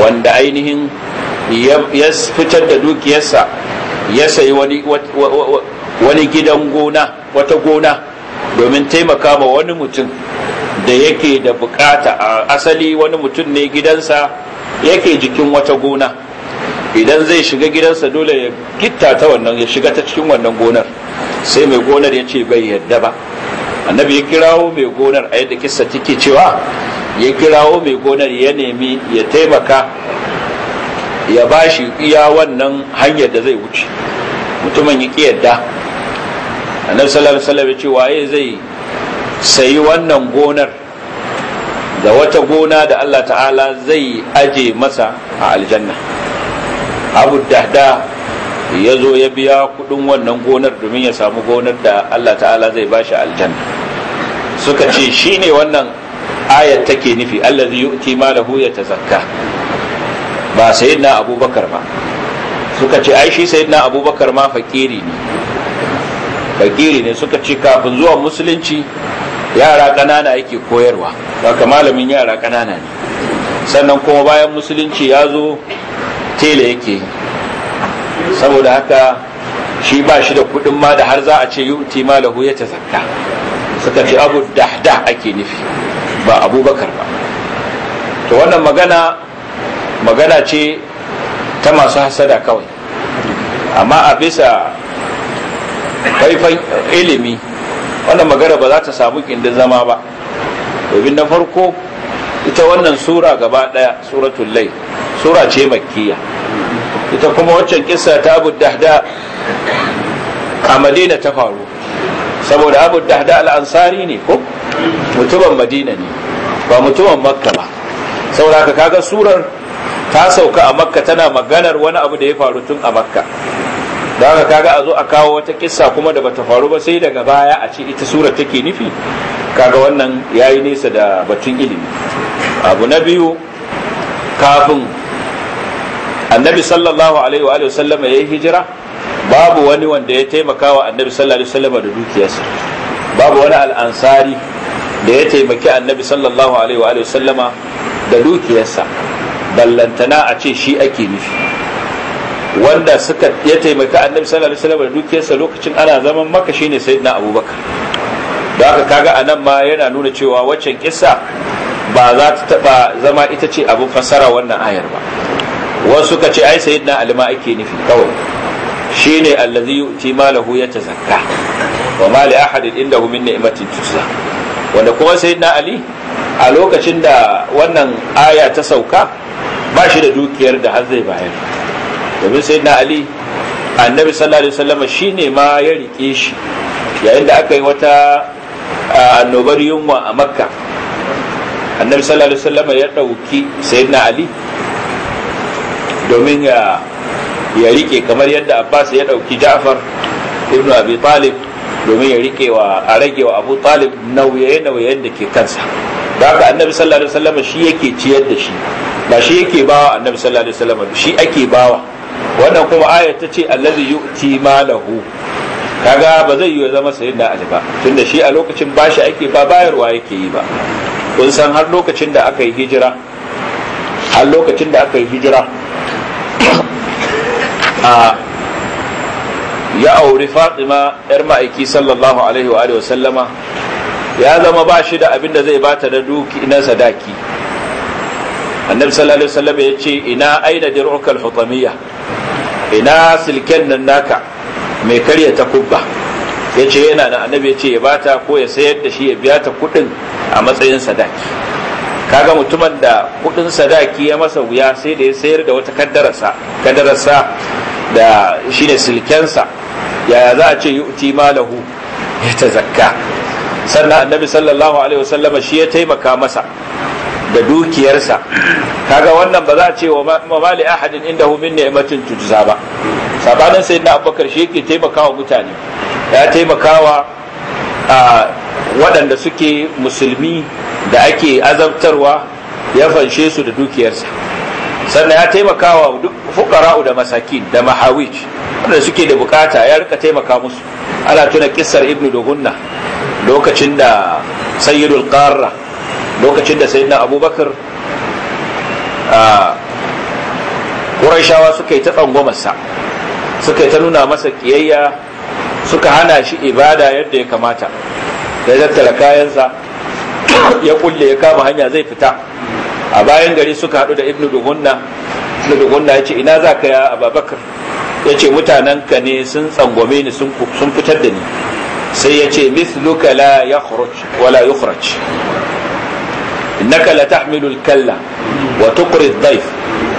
Speaker 2: wanda ainihin ya fitar da dukiyarsa ya sayi wani gidan gona wata gona domin taimaka ma wani mutum da yake da bukata a asali wani mutum ne gidansa yake jikin wata gona idan zai shiga gidansa dole ya gitta ta wannan ya shiga ta cikin wannan gonar sai mai gonar ya ce bai yadda ba annabi ya kirawo mai gonar a yadda kissa take cewa ya kirawo mai gonar ya nemi ya taimaka ya ba shi iya wannan hanyar da zai wuce mutumin ya ƙi yadda annabi sallallahu alaihi wasallam ya ce waye zai sayi wannan gonar da wata gona da Allah ta'ala zai aje masa a aljanna abu dahda ya zo ya biya kudin wannan gonar domin ya samu gonar da Allah ta'ala zai bashi aljanna suka ce shi ne wannan ayat take nufi allazi yu'ti malahu yatazakka ba sayyidina abubakar ba suka ce ai shi sayyidina abubakar ma fakiri ne fakiri ne suka ce kafin zuwa musulunci yara ƙanana yake koyarwa haka malamin yara ƙanana ne sannan kuma bayan musulunci ya zo tele yake saboda haka shi ba shi da kuɗin ma da har za a ce yuti malahu ya tazakka suka ce abu dahda ake nufi ba abubakar ba to wannan magana magana ce ta masu hasada kawai amma a bisa faifan ilimi wannan magana ba za ta samu kindin zama ba domin na farko ita wannan sura gaba daya suratul lai sura ce makkiya ita kuma waccan kissa ta abu dahda a madina ta faru saboda abu dahda al'ansari ne ko mutumin madina ne ba mutumin makka ba saboda ka kaga surar ta sauka a makka tana maganar wani abu da ya faru tun a makka da haka kaga a zo a kawo wata kissa kuma da bata faru ba sai daga baya a ce ita sura take nufi kaga wannan yayi nesa da batun ilimi abu na biyu kafin annabi sallallahu alaihi wa sallam ya yi hijira babu wani wanda ya taimaka wa annabi sallallahu alaihi wasallam da dukiyarsa babu wani al'ansari da ya taimaki annabi sallallahu alaihi wa sallama da dukiyarsa ballantana a ce shi ake nufi wanda suka ya taimaka annabi sallallahu alaihi wasallam da dukiyarsa lokacin ana zaman maka shine sayyidina abubakar da haka kaga anan ma yana nuna cewa waccan kissa ba za ta taba zama ita ce abin fassara wannan ayar ba wasu suka ce ai sayyidina ali ma ake nufi kawai shine allazi yu'ti malahu tazakka wa ma li ahadin indahu min ni'matin tuzza wanda kuma sayyidina ali a lokacin da wannan aya ta sauka ba shi da dukiyar da har zai bayar domin sai na ali annabi sallallahu alaihi wasallam shine ma ya rike shi yayin da aka yi wata annobar yunwa a makka annabi sallallahu alaihi wasallam ya ɗauki sayyidina ali domin ya ya rike kamar yadda abbas ya ɗauki ja'far ibnu abi talib domin ya rike wa a rage wa abu talib nauye nauyen da ke kansa da haka annabi sallallahu alaihi wasallam shi yake ciyar da shi ba shi yake bawa annabi sallallahu alaihi wasallam shi ake bawa wannan kuma ayat ta ce allazi yu'ti malahu kaga ba zai yi zama da ali ba tunda shi a lokacin bashi ake ba bayarwa yake yi ba kun san har lokacin da aka yi hijira har lokacin da aka yi hijira a ya auri fatima yar ma'aiki sallallahu alaihi wa alihi sallama ya zama ba shi da abin da zai bata da duki na sadaki annabi sallallahu alaihi wasallam ya ce ina aina dir'uka al-hutamiyya ina silken nan naka mai karya ta kubba ya ce yana da annabi ya ce ya bata ko ya sayar da shi ya biya ta kudin a matsayin sadaki kaga mutumin da kudin sadaki ya masa wuya sai da ya sayar da wata kaddararsa kaddararsa da shine silkensa yaya za a ce yu'ti malahu ya zakka. sannan annabi sallallahu alaihi wasallama shi ya taimaka masa da dukiyarsa kaga wannan ba za a ce wa mali ahadin inda min ni'matin tujza ba sabanin na abubakar shi yake taimakawa mutane ya taimakawa a waɗanda suke musulmi da ake azabtarwa ya fanshe su da dukiyarsa sannan ya taimakawa duk fukara'u da masakin da mahawij wanda suke da bukata ya rika taimaka musu ana tuna kissar ibnu dogunna lokacin da sayyidul qarra lokacin da sayyidina abubakar a ƙurashawa suka yi ta tsangomarsa suka yi ta nuna masa ƙiyayya suka hana shi ibada yadda ya kamata ya tattara kayansa ya kulle ya kama hanya zai fita a bayan gari suka haɗu da ibnu duhunna ibnu duhunna ya ce ina za ka ya ababakar ya ce mutanenka ne sun tsangwame ni sun fitar da ni sai ya ce mithluka la ya wala yukhraj innaka la tahmilu al-kalla wa tuqri ad-dayf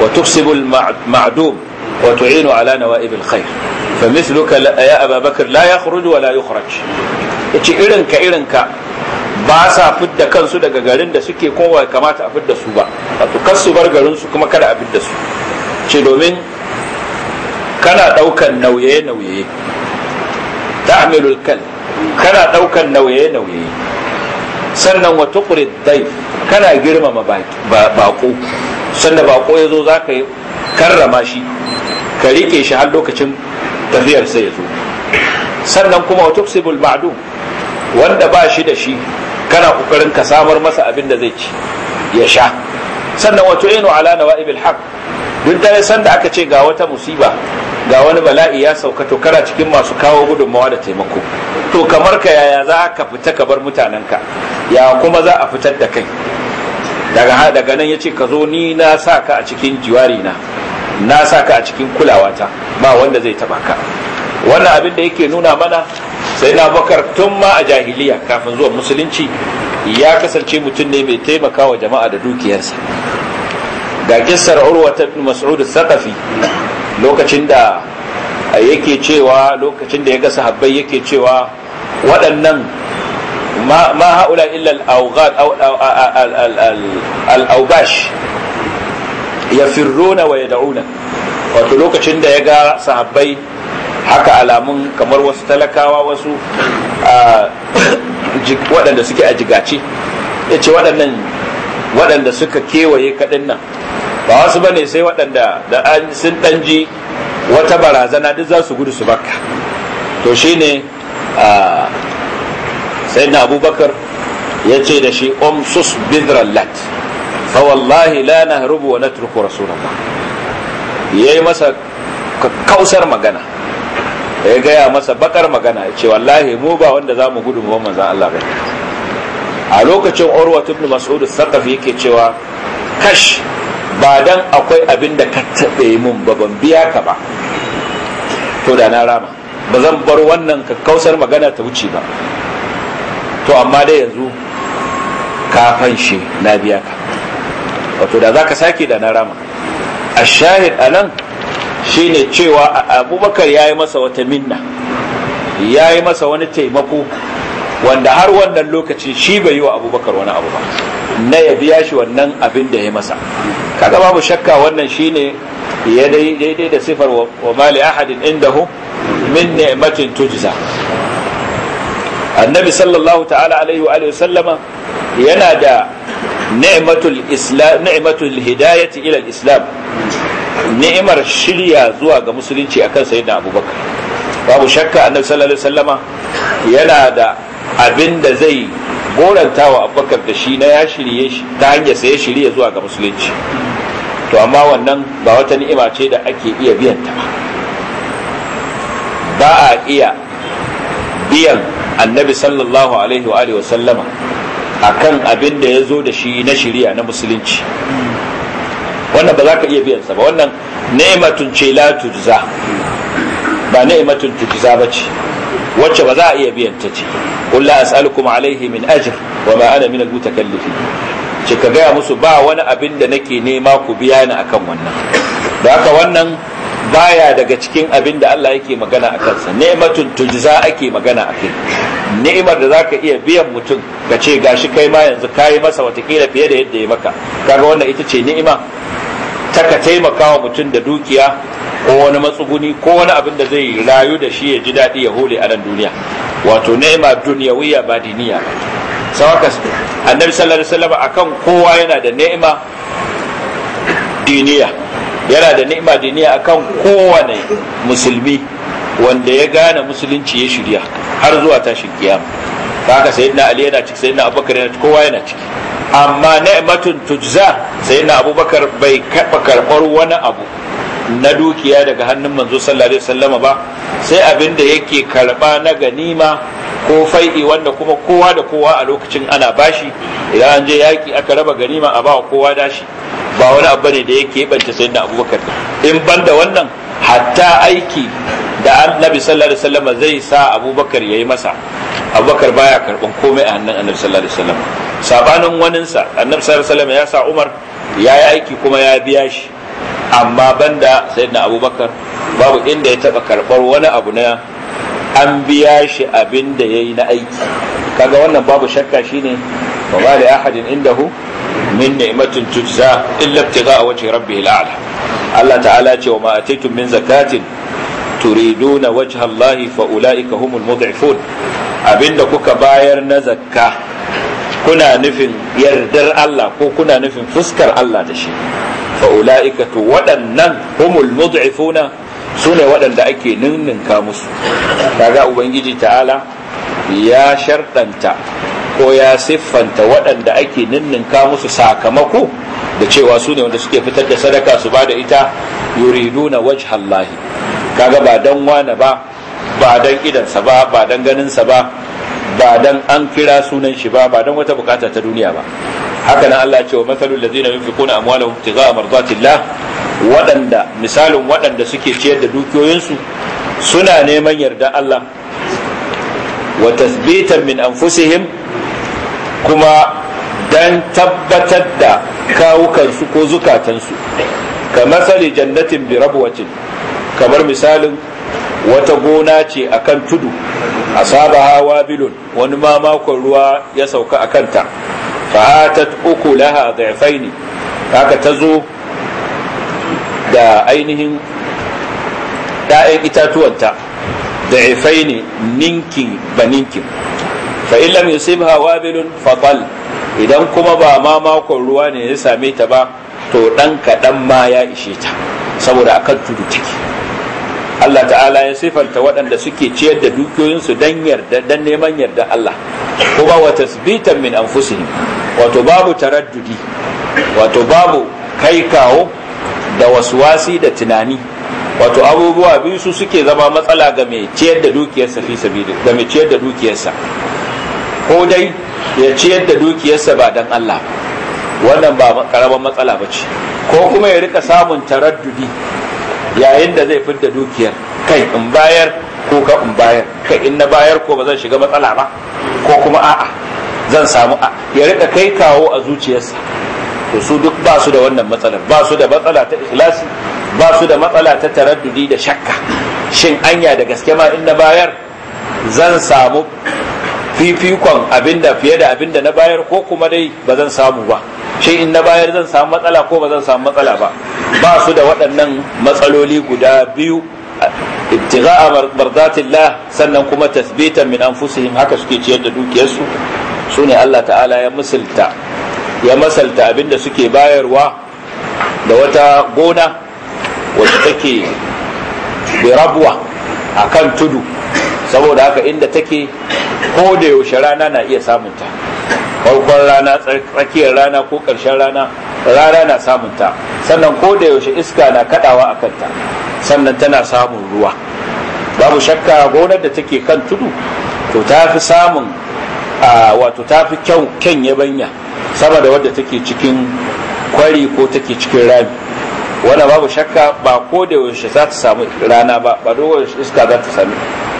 Speaker 2: wa tuhsibu al-ma'dum wa tu'inu ala nawa'ib al-khair famithluka ya Aba Bakr la yakhruju wa la yukhraj yace irinka irinka ba sa fidda kansu daga garin da suke kowa kamata a fidda su ba wato bar garin su kuma kada a fidda su domin kana nauye nauye kana nauye nauye sannan wa tuqrid kana girmama bako sannan bako ya zo zaka yi karrama shi ka rike shi har lokacin tafiyar sa ya zo sannan kuma wa tuksibul ma'dum wanda ba shi da shi kana kokarin ka samar masa abin da zai ci ya sha sannan wato inu ala nawa'ibil haq duk dare sanda aka ce ga wata musiba ga wani bala'i ya sauka to kana cikin masu kawo gudunmawa da taimako to kamar ka yaya za ka fita ka bar mutanenka ya kuma za a fitar da kai daga daga nan yace ka zo ni na sa a cikin jiwari na na sa a cikin kulawata ba wanda zai taba ka wannan abin da yake nuna mana sai na bakar tun ma a jahiliya kafin zuwa musulunci ya kasance mutum ne mai taimakawa jama'a da dukiyarsa ga kissar urwa ta ibn mas'ud al lokacin da eh, yake cewa lokacin da ya ga sahabbai yake cewa waɗannan ma haula illa al-aubash ya firrona wa ya wato lokacin da ya ga sahabbai haka alamun kamar wasu talakawa wasu waɗanda suke a jigace ya ce waɗannan waɗanda suka kewaye kaɗin nan ba wasu bane sai waɗanda da an sun ɗanji wata barazana duk za su gudu su bakka to shi a sai na abubakar ya ce da shi omsus bidrallat fa wallahi la rubu wa natruku ya yi masa kausar magana ya gaya masa bakar magana ya ce wallahi mu ba wanda za mu gudu mu manzan Allah bai a lokacin Orwa, ibn Mas'ud Sakafi, yake cewa kash ba dan akwai abin da ka taɓe mun ba ban biya ka ba to da na rama ba zan bar wannan ka kausar magana ta wuce ba to amma dai yanzu ka fanshe na biya ka wato da za ka sake da na rama a shahid a nan shine cewa abubakar ya yi masa wata minna ya yi masa wani taimako wanda har wannan lokacin shi bai yi wa abubakar wani abu ba na ya biya shi wannan abin da ya masa kaga babu shakka wannan shi ne ya daidai da sifar wa mali ahadin hu min ni'matin tujza annabi sallallahu ta'ala alaihi wa alihi sallama yana da ni'matul islam ni'matul hidayati ila islam ni'imar shirya zuwa ga musulunci akan sayyidina abubakar babu shakka annabi sallallahu alaihi wa sallama yana da abin da zai goranta wa abubakar da shi na ya shirye shi ta hanyar sa ya shirye zuwa ga musulunci to amma wannan ba wata ni'ima ce da ake iya biyan ta ba a iya biyan annabi sallallahu alaihi wa sallama akan abin da ya zo da shi na shirya na musulunci wannan ba za ka iya biyan sa ba wannan ni'imatun ce la tujza ba ni'imatun tujza ba ce wacce ba za a iya biyan ta ce qul as'alukum alaihi min ajr wa ma ana min al-mutakallifin ce ka gaya musu ba wani abin da nake nema ku biya ni akan wannan da haka wannan baya daga cikin abin da Allah yake magana a kansa ni'matun tujza ake magana a kai ni'imar da zaka iya biyan mutum ka ce gashi kai ma yanzu kayi masa watakila fiye da yadda ya maka kaga wannan ita ce ni'ima ta ka taimaka wa mutum da dukiya ko wani matsuguni ko wani abin da zai rayu da shi ya ji daɗi ya hole a nan duniya wato duniya? duniyawiya ba diniya sawaka annabi sallallahu alaihi wasallam akan kowa yana da ni'ima diniya yana da ni'ima diniya akan kowane musulmi wanda ya gane musulunci ya shirya har zuwa tashin kiyama haka sayyidina ali yana ciki sayyidina abubakar yana ciki kowa yana ciki amma ni'matun tujza sai na abubakar bai karɓa karɓar wani abu na dukiya daga hannun manzo sallallahu alaihi wasallam ba sai abin da yake karɓa na ganima ko fai'i wanda kuma kowa da kowa a lokacin ana bashi idan an je yaki aka raba ganima a bawa kowa dashi ba wani abu ne da yake banta sai na abubakar in banda wannan hatta aiki da annabi sallallahu alaihi wasallam zai sa abubakar yayi masa abubakar baya karɓan komai a hannun annabi sallallahu alaihi wasallam sabanin waninsa annabi sallallahu alaihi ya sa umar ya yi aiki kuma ya biya shi amma banda sayyidina abubakar babu inda ya taba karbar wani abu na an biya shi abin da ya yi na aiki kaga wannan babu shakka shine wa ba da ahadin indahu min ni'matin tujza illa ibtigha'a wajhi rabbihil a'la Allah ta'ala ce wa ma ataytum min zakatin turiduna wajha Allah fa ulaika humul mud'ifun abinda kuka bayar na zakka kuna nufin yardar Allah ko kuna nufin fuskar Allah da shi fa'ula'ika to waɗannan humul mud'ifuna su ne waɗanda ake ninninka musu kaga ubangiji ta'ala ya sharɗanta ko ya siffanta waɗanda ake ninninka musu sakamako da cewa su ne wanda suke fitar da sadaka su ba da ita yuriduna wajhallahi kaga ba dan wane ba ba dan idansa ba ba dan ganinsa ba ba dan an kira sunan shi ba ba dan wata bukata ta duniya ba haka nan Allah ya ce wa mathalul ladzina yunfiquna amwalahum ibtigha'a mardatillah waɗanda misalin waɗanda suke ciyar da dukiyoyinsu suna neman yarda Allah wa tasbitan min anfusihim kuma dan tabbatar da kawukansu ko zukatansu ka sali jannatin bi rabwatin kamar misalin wata gona ce a kan tudu a saba hawa bilun wani ma makon ruwa ya sauka a kanta ta uku laha dhaifaini haka ta zo da ainihin ɗayan itatuwanta dhaifaini ninkin ba ninkin fa illam yusibha wabilun fatal idan kuma ba ma makon ruwa ne ya same ta ba to ɗan kaɗan ma ya ishe ta saboda akan tudu take Allah ta'ala ya sifanta waɗanda suke ciyar da dukiyoyinsu don yarda dan neman yarda Allah kuma wa tasbitan min anfusihim wato babu taraddudi wato babu kai kawo da waswasi da tunani wato abubuwa biyu su suke zama matsala ga mai ciyar da dukiyarsa fi sabili ga mai ciyar da dukiyarsa ko dai ya ciyar da dukiyarsa ba dan Allah wannan ba karamar matsala ba ce ko kuma ya rika samun taraddudi yayin da zai fidda dukiyar kai in bayar ko ka in bayar kai in na bayar ko ba zan shiga matsala ba ko kuma a'a zan samu a ya rika kai kawo a zuciyarsa to su duk ba su da wannan matsalar ba su da matsala ta ikhlasi ba su da matsala ta taraddudi da shakka shin anya da gaske ma in na bayar zan samu fifikon abinda fiye da abinda na bayar ko kuma dai ba zan samu ba shi in na bayar zan samu matsala ko ba zan samu matsala ba ba su da waɗannan matsaloli guda biyu ibtigha'a mardatillah sannan kuma tasbitan min anfusihim haka suke ciyar da dukiyarsu su ne Allah ta'ala ya musulta ya masalta abinda suke bayarwa da wata gona wacce take birabwa akan tudu saboda haka inda take ko da yaushe rana na iya samunta farkon rana tsakiyar rana ko ƙarshen rana rana na samunta sannan ko da yaushe iska na kadawa a kanta sannan tana samun ruwa babu shakka gonar da take kan tudu to ta fi samun wato ta fi kyan yabanya sama da wadda take cikin kwari ko take cikin rami wanda babu shakka ba ko da yaushe za ta samu rana ba ba dogon iska za ta sami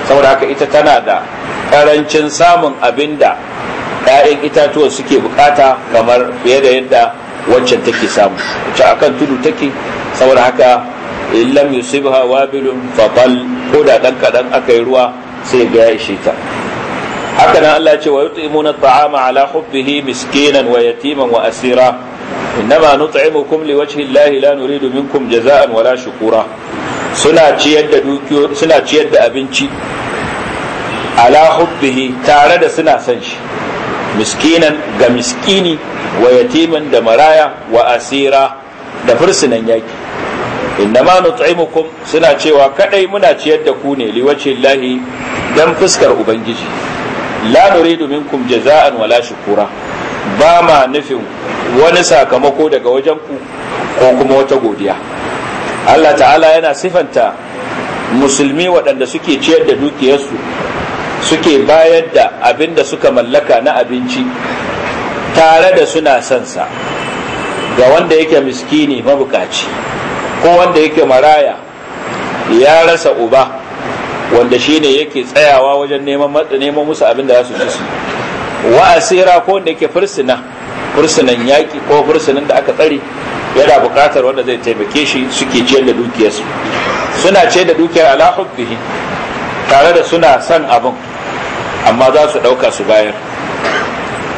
Speaker 2: saboda haka ita tana da ƙarancin samun abin da 'ya'yan itatuwa suke bukata kamar fiye da yadda waccan take samu wacce akan tudu take saboda haka illam yusibha wabilun fatal ko da dan kadan aka yi ruwa sai ga ya ishe ta haka nan Allah ce wa yut'imuna at'ama ala hubbihi miskinan wa yatiman wa asira innama nut'imukum liwajhi Allah la nuridu minkum jaza'an wala shukura suna ciyar da ciyar da abinci ala hubbihi tare da suna san shi miskinan ga miskini wa yatiman da maraya wa asira da fursunan yaki innama nut'imukum suna cewa kadai muna ciyar da ku ne liwace lahi dan fuskar ubangiji la nuridu minkum jaza'an wala shukura ba ma nufin wani sakamako daga wajen ku ko kuma wata godiya Allah ta'ala yana sifanta musulmi waɗanda suke ciyar da dukiyarsu suke bayar da abin da suka mallaka na abinci tare da suna sansa ga wanda yake miskini mabukaci ko wanda yake maraya ya rasa uba wanda shine yake tsayawa wajen neman musu abin da za su ci wa asira ko wanda yake fursuna fursunan yaƙi ko fursunan da aka tsare yana buƙatar wanda zai taimake shi suke ciyar da dukiyarsu suna ciyar da dukiyar ala hubbihi tare da suna son abin amma za su ɗauka su bayar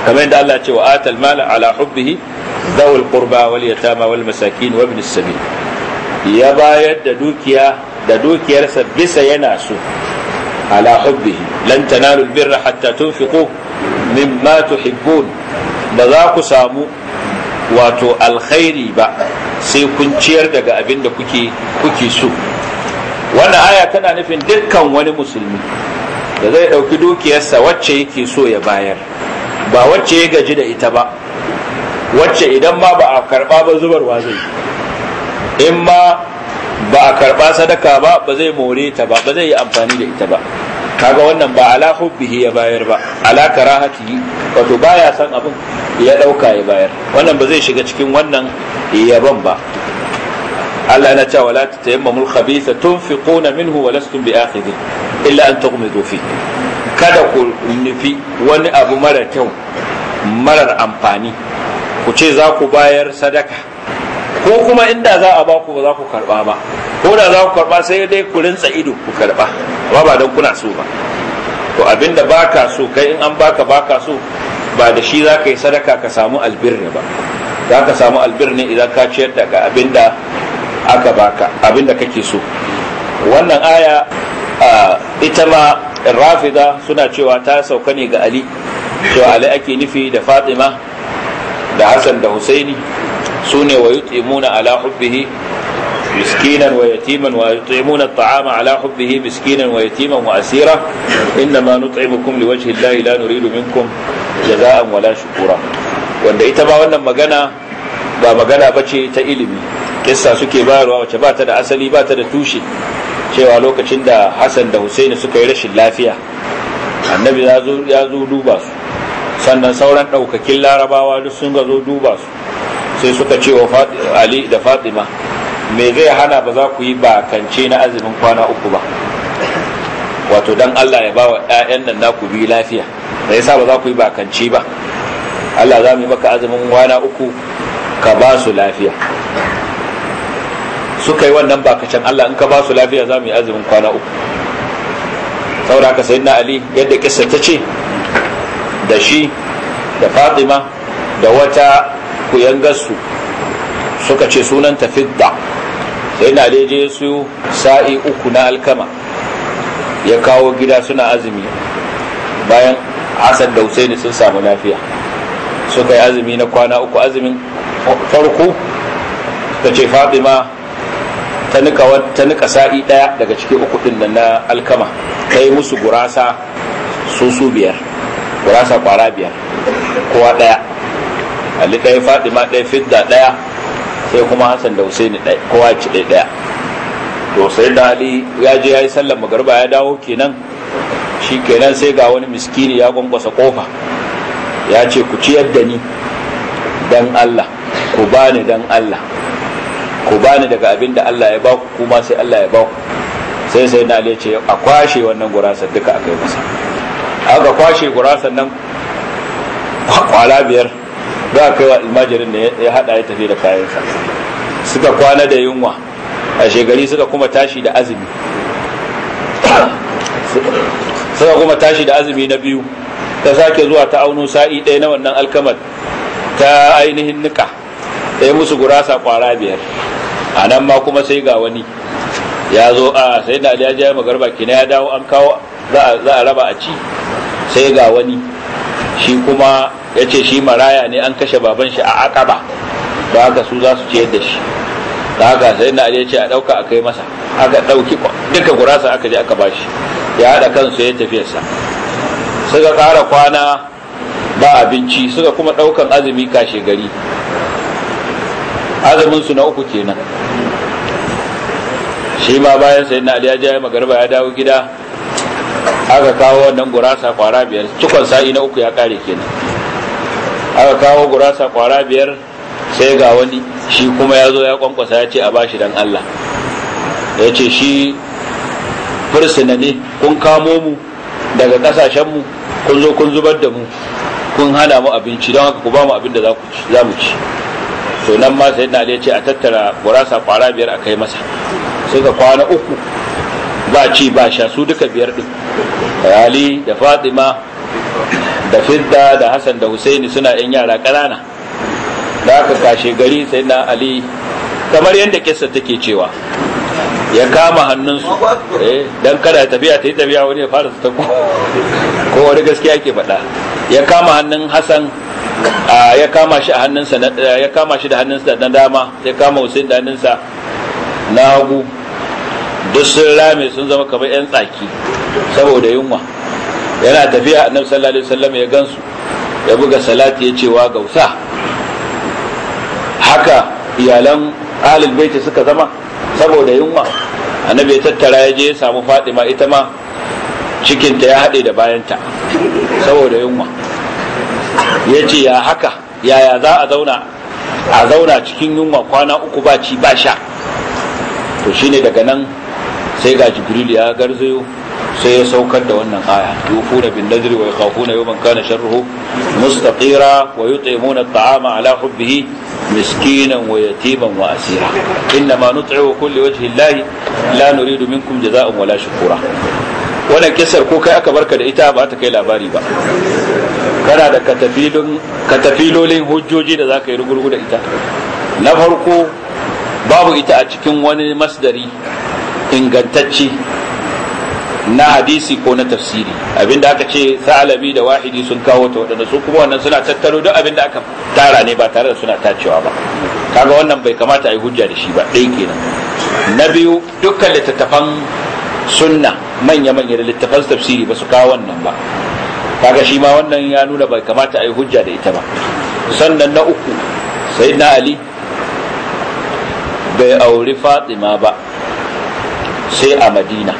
Speaker 2: kamar yadda Allah ce wa atal mala ala hubbihi dawul qurba wal yatama wal masakin wa ibn sabil ya bayar da dukiya da dukiyarsa bisa yana so ala hubbihi lan tanalu albirra hatta tunfiqu mimma tuhibbun ba za ku samu wato alkhairi ba sai kun ciyar daga abin da kuke kuke so wannan aya tana nufin dukkan wani musulmi da zai ɗauki dukiyarsa wacce yake so ya bayar ba wacce ya gaji da ita ba wacce idan ma ba a karɓa ba zubarwa zai in ma ba a karɓa sadaka ba ba zai more ta ba ba zai yi amfani da ita ba kaga wannan ba ala hubbihi ya bayar ba ala karahati wato baya san abin ya dauka ya bayar wannan ba zai shiga cikin wannan yaban ba Allah yana cewa la tatayammamul khabitha tunfiquna minhu wa lastum bi'akhidhi illa an tughmidu fi kada ku nufi wani abu mara kyau marar amfani ku ce za ku bayar sadaka ko kuma inda za a ba ku ba za ku karba ba ko da za ku karba sai dai ku rinsa ido ku karba amma ba don kuna so ba to abinda baka so kai in an baka baka so ba da shi za ka yi sadaka ka samu albirni ba za ka samu albirni idan ka ciyar daga abinda aka baka abinda kake so wannan aya ita ma rafida suna cewa ta sauka ne ga ali to ali ake nufi da fatima da hassan da husaini su ne wa yutimuna ala hubbihi مسكينا ويتيما ويطعمون الطعام على حبه مسكينا ويتيما وأسيرا إنما نطعمكم لوجه الله لا نريد منكم جزاء ولا شكورا wanda ita ba wannan magana ba magana ba ce ta ilimi kissa suke bayarwa wacce ba ta da asali ba ta da tushe cewa lokacin da hassan da husaini suka yi rashin lafiya annabi ya zo duba su sannan sauran ɗaukakin larabawa duk sun ga zo duba su sai suka ce wa ali da fatima me zai hana ba za ku yi bakance na azumin kwana uku ba wato dan Allah ya bawa 'ya'yan nan naku bi lafiya da yasa ba za ku yi bakance ba Allah za mu yi maka azumin kwana uku ka ba su lafiya suka yi wannan bakacen Allah in ka ba su lafiya za mu yi azumin kwana uku saboda haka sayyidina Ali yadda kissa ta ce da shi da Fatima da wata gasu suka ce sunanta fidda sai na daidai su sa'i uku na alkama ya kawo gida suna azumi bayan asad da husaini sun samu lafiya suka yi azumi na kwana uku azumin farko ta ce fadima ta nika sa'i ɗaya daga cikin uku din na alkama ta yi musu gurasa su su biyar gurasa kwara biyar kowa ɗaya alli ɗaya fadima ɗaya fidda ɗaya sai kuma Hassan da Husaini kowa ci ɗaya to sai da Ali ya je ya yi sallar magarba ya dawo kenan shi kenan sai ga wani miskini ya gwangwasa kofa ya ce ku ciyar da ni dan Allah ku bani dan Allah ku bani daga abin da Allah ya baku kuma sai Allah ya baku sai sai na ya ce a kwashe wannan gurasa duka a kai masa aka kwashe gurasa nan kwala biyar za a wa almajirin da ya hada ya tafi da kayansa suka kwana da yunwa a shekari suka kuma tashi da azumi suka kuma tashi da azumi na biyu ta sake zuwa ta auno sa'i ɗaya na wannan alkamar ta ainihin nika ɗaya musu gurasa kwara biyar a nan ma kuma sai ga wani ya zo a sai da aliyaji ya magarba kina ya dawo an kawo za a raba a ci sai ga wani shi kuma ya ce shi maraya ne an kashe baban shi a akaba Ba haka su za su ce da shi da haka sai na ya ce a ɗauka a kai masa aka ɗauki duka gurasa aka je aka bashi ya haɗa kansu ya sa suka ƙara kwana ba abinci suka kuma ɗaukan azumi kashe gari azumin su na uku kenan shi ma bayan sai na ya je magarba ya dawo gida aka kawo wannan gurasa kwara biyar cikon sa'i na uku ya kare kenan aka kawo gurasa kwara biyar sai ga wani shi kuma ya zo ya kwankwasa ya ce a bashi dan Allah ya ce shi fursuna ne kun kamo mu daga mu kun zo kun zubar da mu kun hana mu abinci don haka ku ba mu abin da za mu ci to nan ma sai na ce a tattara gurasa kwara biyar a kai masa sai ka kwana uku ba ci ba sha su duka biyar din ali da fatima da fidda da Hassan da husaini suna yan yara ƙanana da aka kashe gari sai na ali kamar yadda kissa take cewa ya kama hannunsu eh, don kada tafiya ta yi tafiya wani ya fara ta ko ko wani gaskiya ke faɗa ya kama hannun Hassan. ya kama shi a hannunsa ya kama shi da hannunsa na dama ya kama Hussein da hannunsa na hagu duk sun rame sun zama kamar 'yan tsaki saboda yunwa yana tafiya annabi sallallahu alaihi wasallam ya gansu ya buga salati ya cewa gausa haka iyalan alil baiti suka zama saboda yunwa annabi ya tattara ya je ya samu fatima ita ma cikinta ya haɗe da bayanta saboda yunwa ya ce ya haka yaya za a zauna a zauna cikin yunwa kwana uku ba ci ba sha to shine daga nan sai ga jibril ya garzayo sai ya saukar da wannan aya yufuna bin nadri wa yakhafuna yawman kana sharruhu mustaqira wa yut'imuna at'ama ala hubbihi miskinan wa yatiman wa asira inna ma nut'imu kulli wajhi llahi la nuridu minkum jazaa'an wala shukura wannan kisar ko kai aka barka da ita ba ta kai labari ba kana da katafilolin hujjoji da za ka yi rugurgu da ita na farko babu ita a cikin wani masdari ingantacci na hadisi ko na tafsiri abinda aka ce sa'alabi da wahidi sun kawo ta waɗanda su kuma wannan suna tattaro duk abinda aka tara ne ba tare da suna tacewa ba kaga wannan bai kamata a yi hujja da shi ba ɗaya kenan na biyu dukkan littattafan sunna manya manya da littattafan tafsiri ba su kawo wannan ba kaga shi ma wannan ya nuna bai kamata a yi hujja da ita ba sannan na uku na ali bai auri fatima ba sai a madina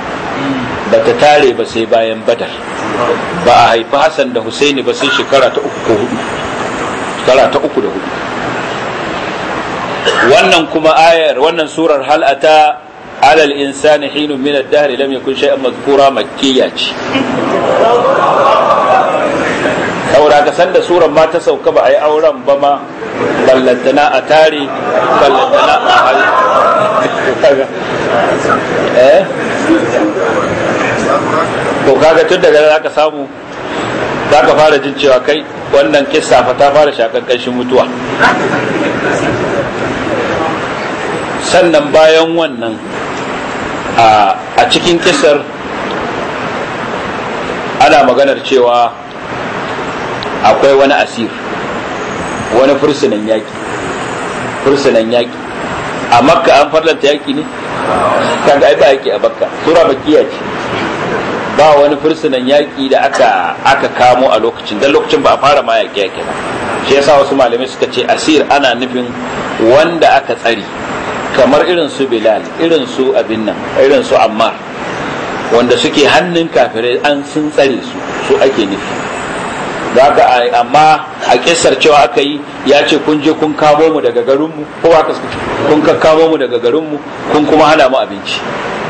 Speaker 2: ba ta tare ba sai bayan badar ba a haifi hassan da husaini ba sai shekara ta uku ko hudu shekara ta uku da hudu wannan kuma ayar wannan surar hal'ata alal insani hinu min ad-dahr lam yakun shay'an madhkura makkiyya ce saboda ka san da surar ma ta sauka ba a yi auren ba ma ballantana a tare ballantana a hal eh ko kaga tun daga za ka samu za ka fara jin cewa kai wannan kissa fa ta fara shakan kanshin mutuwa sannan bayan wannan a cikin kisar ana maganar cewa akwai wani asir wani fursunan yaƙi fursunan yaƙi a makka an farlanta yaki ne kaga ai ba yaki a makka sura makiya ce ba wani fursunan yaki da aka aka kamo a lokacin dan lokacin ba a fara ma yaki yaki ba shi yasa wasu malamai suka ce asir ana nufin wanda aka tsari kamar irin su bilal irin su abin nan irin su ammar wanda suke hannun kafirai an sun tsare su su ake nufi da haka amma a kisar cewa aka yi ya ce kun je kun kamo mu daga garinmu ko aka kun ka kamo mu daga garinmu kun kuma hana mu abinci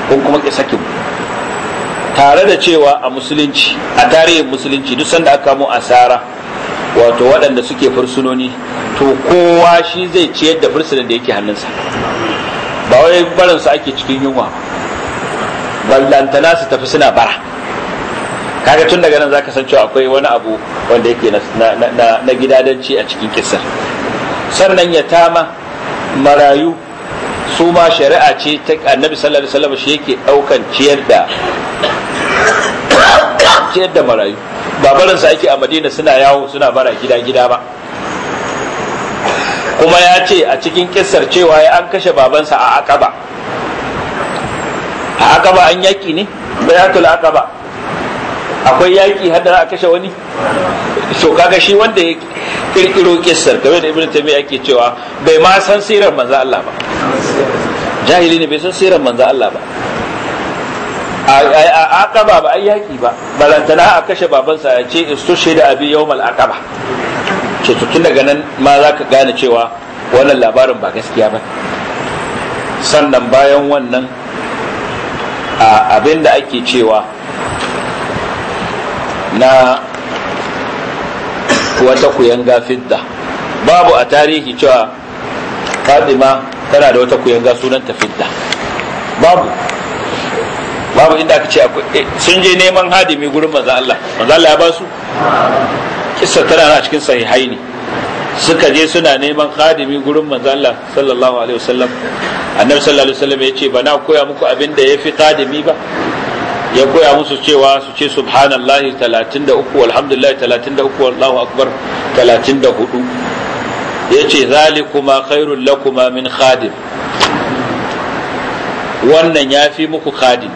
Speaker 2: kun kuma kisaki mu tare da cewa a musulunci a tarihin musulunci duk sanda aka kamo asara wato waɗanda suke fursunoni to kowa shi zai ciyar da fursunan da yake hannunsa ba wai barinsa ake cikin yunwa ballantana su tafi suna bara kaga tun daga nan zaka san cewa akwai wani abu wanda yake na gidadanci a cikin kisar sannan ya tama marayu su ma shari'a ce ta annabi sallallahu alaihi wasallam shi yake daukan ciyar da ciyar da marayu sa yake a madina suna yawo suna bara gida gida ba kuma ya ce a cikin kissar cewa ya an kashe babansa a akaba a akaba an yaki ne bayatul akaba akwai yaƙi har da a kashe wani to kaga shi wanda ya kirkiro kissar game da ibn tabi yake cewa bai ma san sirar manzo Allah ba jahili ne bai san sirar manzo Allah ba a aqaba ba ai yaƙi ba balantana a kashe babansa ya ce istushhida abi yawmal aqaba ce tun daga nan ma za ka gane cewa wannan labarin ba gaskiya ba sannan bayan wannan abin da ake cewa na wata kuyanga fidda babu a tarihi cewa fadima tana da wata kuyanga sunanta fidda babu babu inda aka ce eh, sun je neman hadimi gurin maza Allah maza Allah ya ba su kisa tana a cikin sahihai ne suka je suna neman hadimi gurin manzo Allah sallallahu alaihi wasallam annabi sallallahu alaihi wasallam ya ce ba na koya muku abin da yafi hadimi ba ya koya musu cewa su ce subhanallahi 33 walhamdulillahi 33 wallahu akbar 34 yace zalikuma khairul lakuma min khadim wannan ya fi muku khadim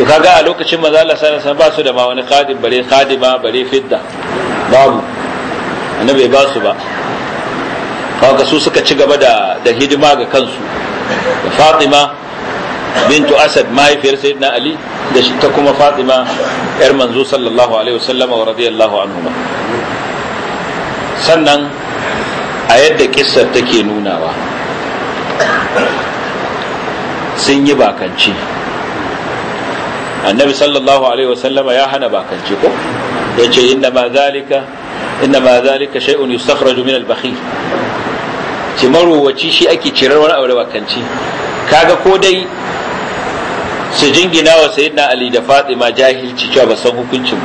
Speaker 2: to kaga a lokacin maza Allah sallallahu alaihi ba su da ma wani khadim bare khadima bare fidda babu annabi ba su ba kaga su suka ci gaba da da hidima ga kansu da Fatima bintu asad mahaifiyar sayyidina ali da shi ta kuma fatima yar manzo sallallahu alaihi wasallam wa radiyallahu anhu sannan a yadda kissar take nunawa sun yi bakanci annabi sallallahu alaihi wasallama ya hana bakanci ko ya ce inda ma zalika inda ma zalika shay'un yustakhraju min al-bakhil ci marowaci shi ake cirar wani abu da bakanci kaga ko dai su jingina wa sayyidina ali da fatima jahilci cewa ba san hukuncin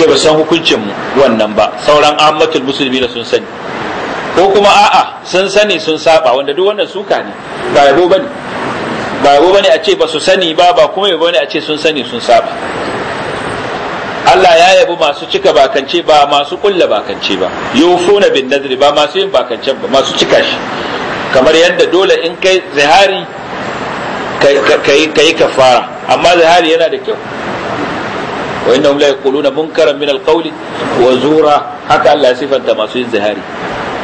Speaker 2: ba ba san hukuncin wannan ba sauran ahmadul musulmi da sun sani ko kuma a'a sun sani sun saba wanda duk wannan suka ne ba yabo bane ba yabo bane a ce ba su sani ba ba kuma yabo bane a ce sun sani sun saba Allah ya yabi masu cika bakance ba masu kulla bakance ba yufuna bin nadri ba masu yin bakancen ba masu cika shi kamar yadda dole in kai zihari ka yi kafara amma zahari yana da kyau wa innahum la yaquluna munkaran min alqawli wa zura haka Allah ya sifanta masu yin zahari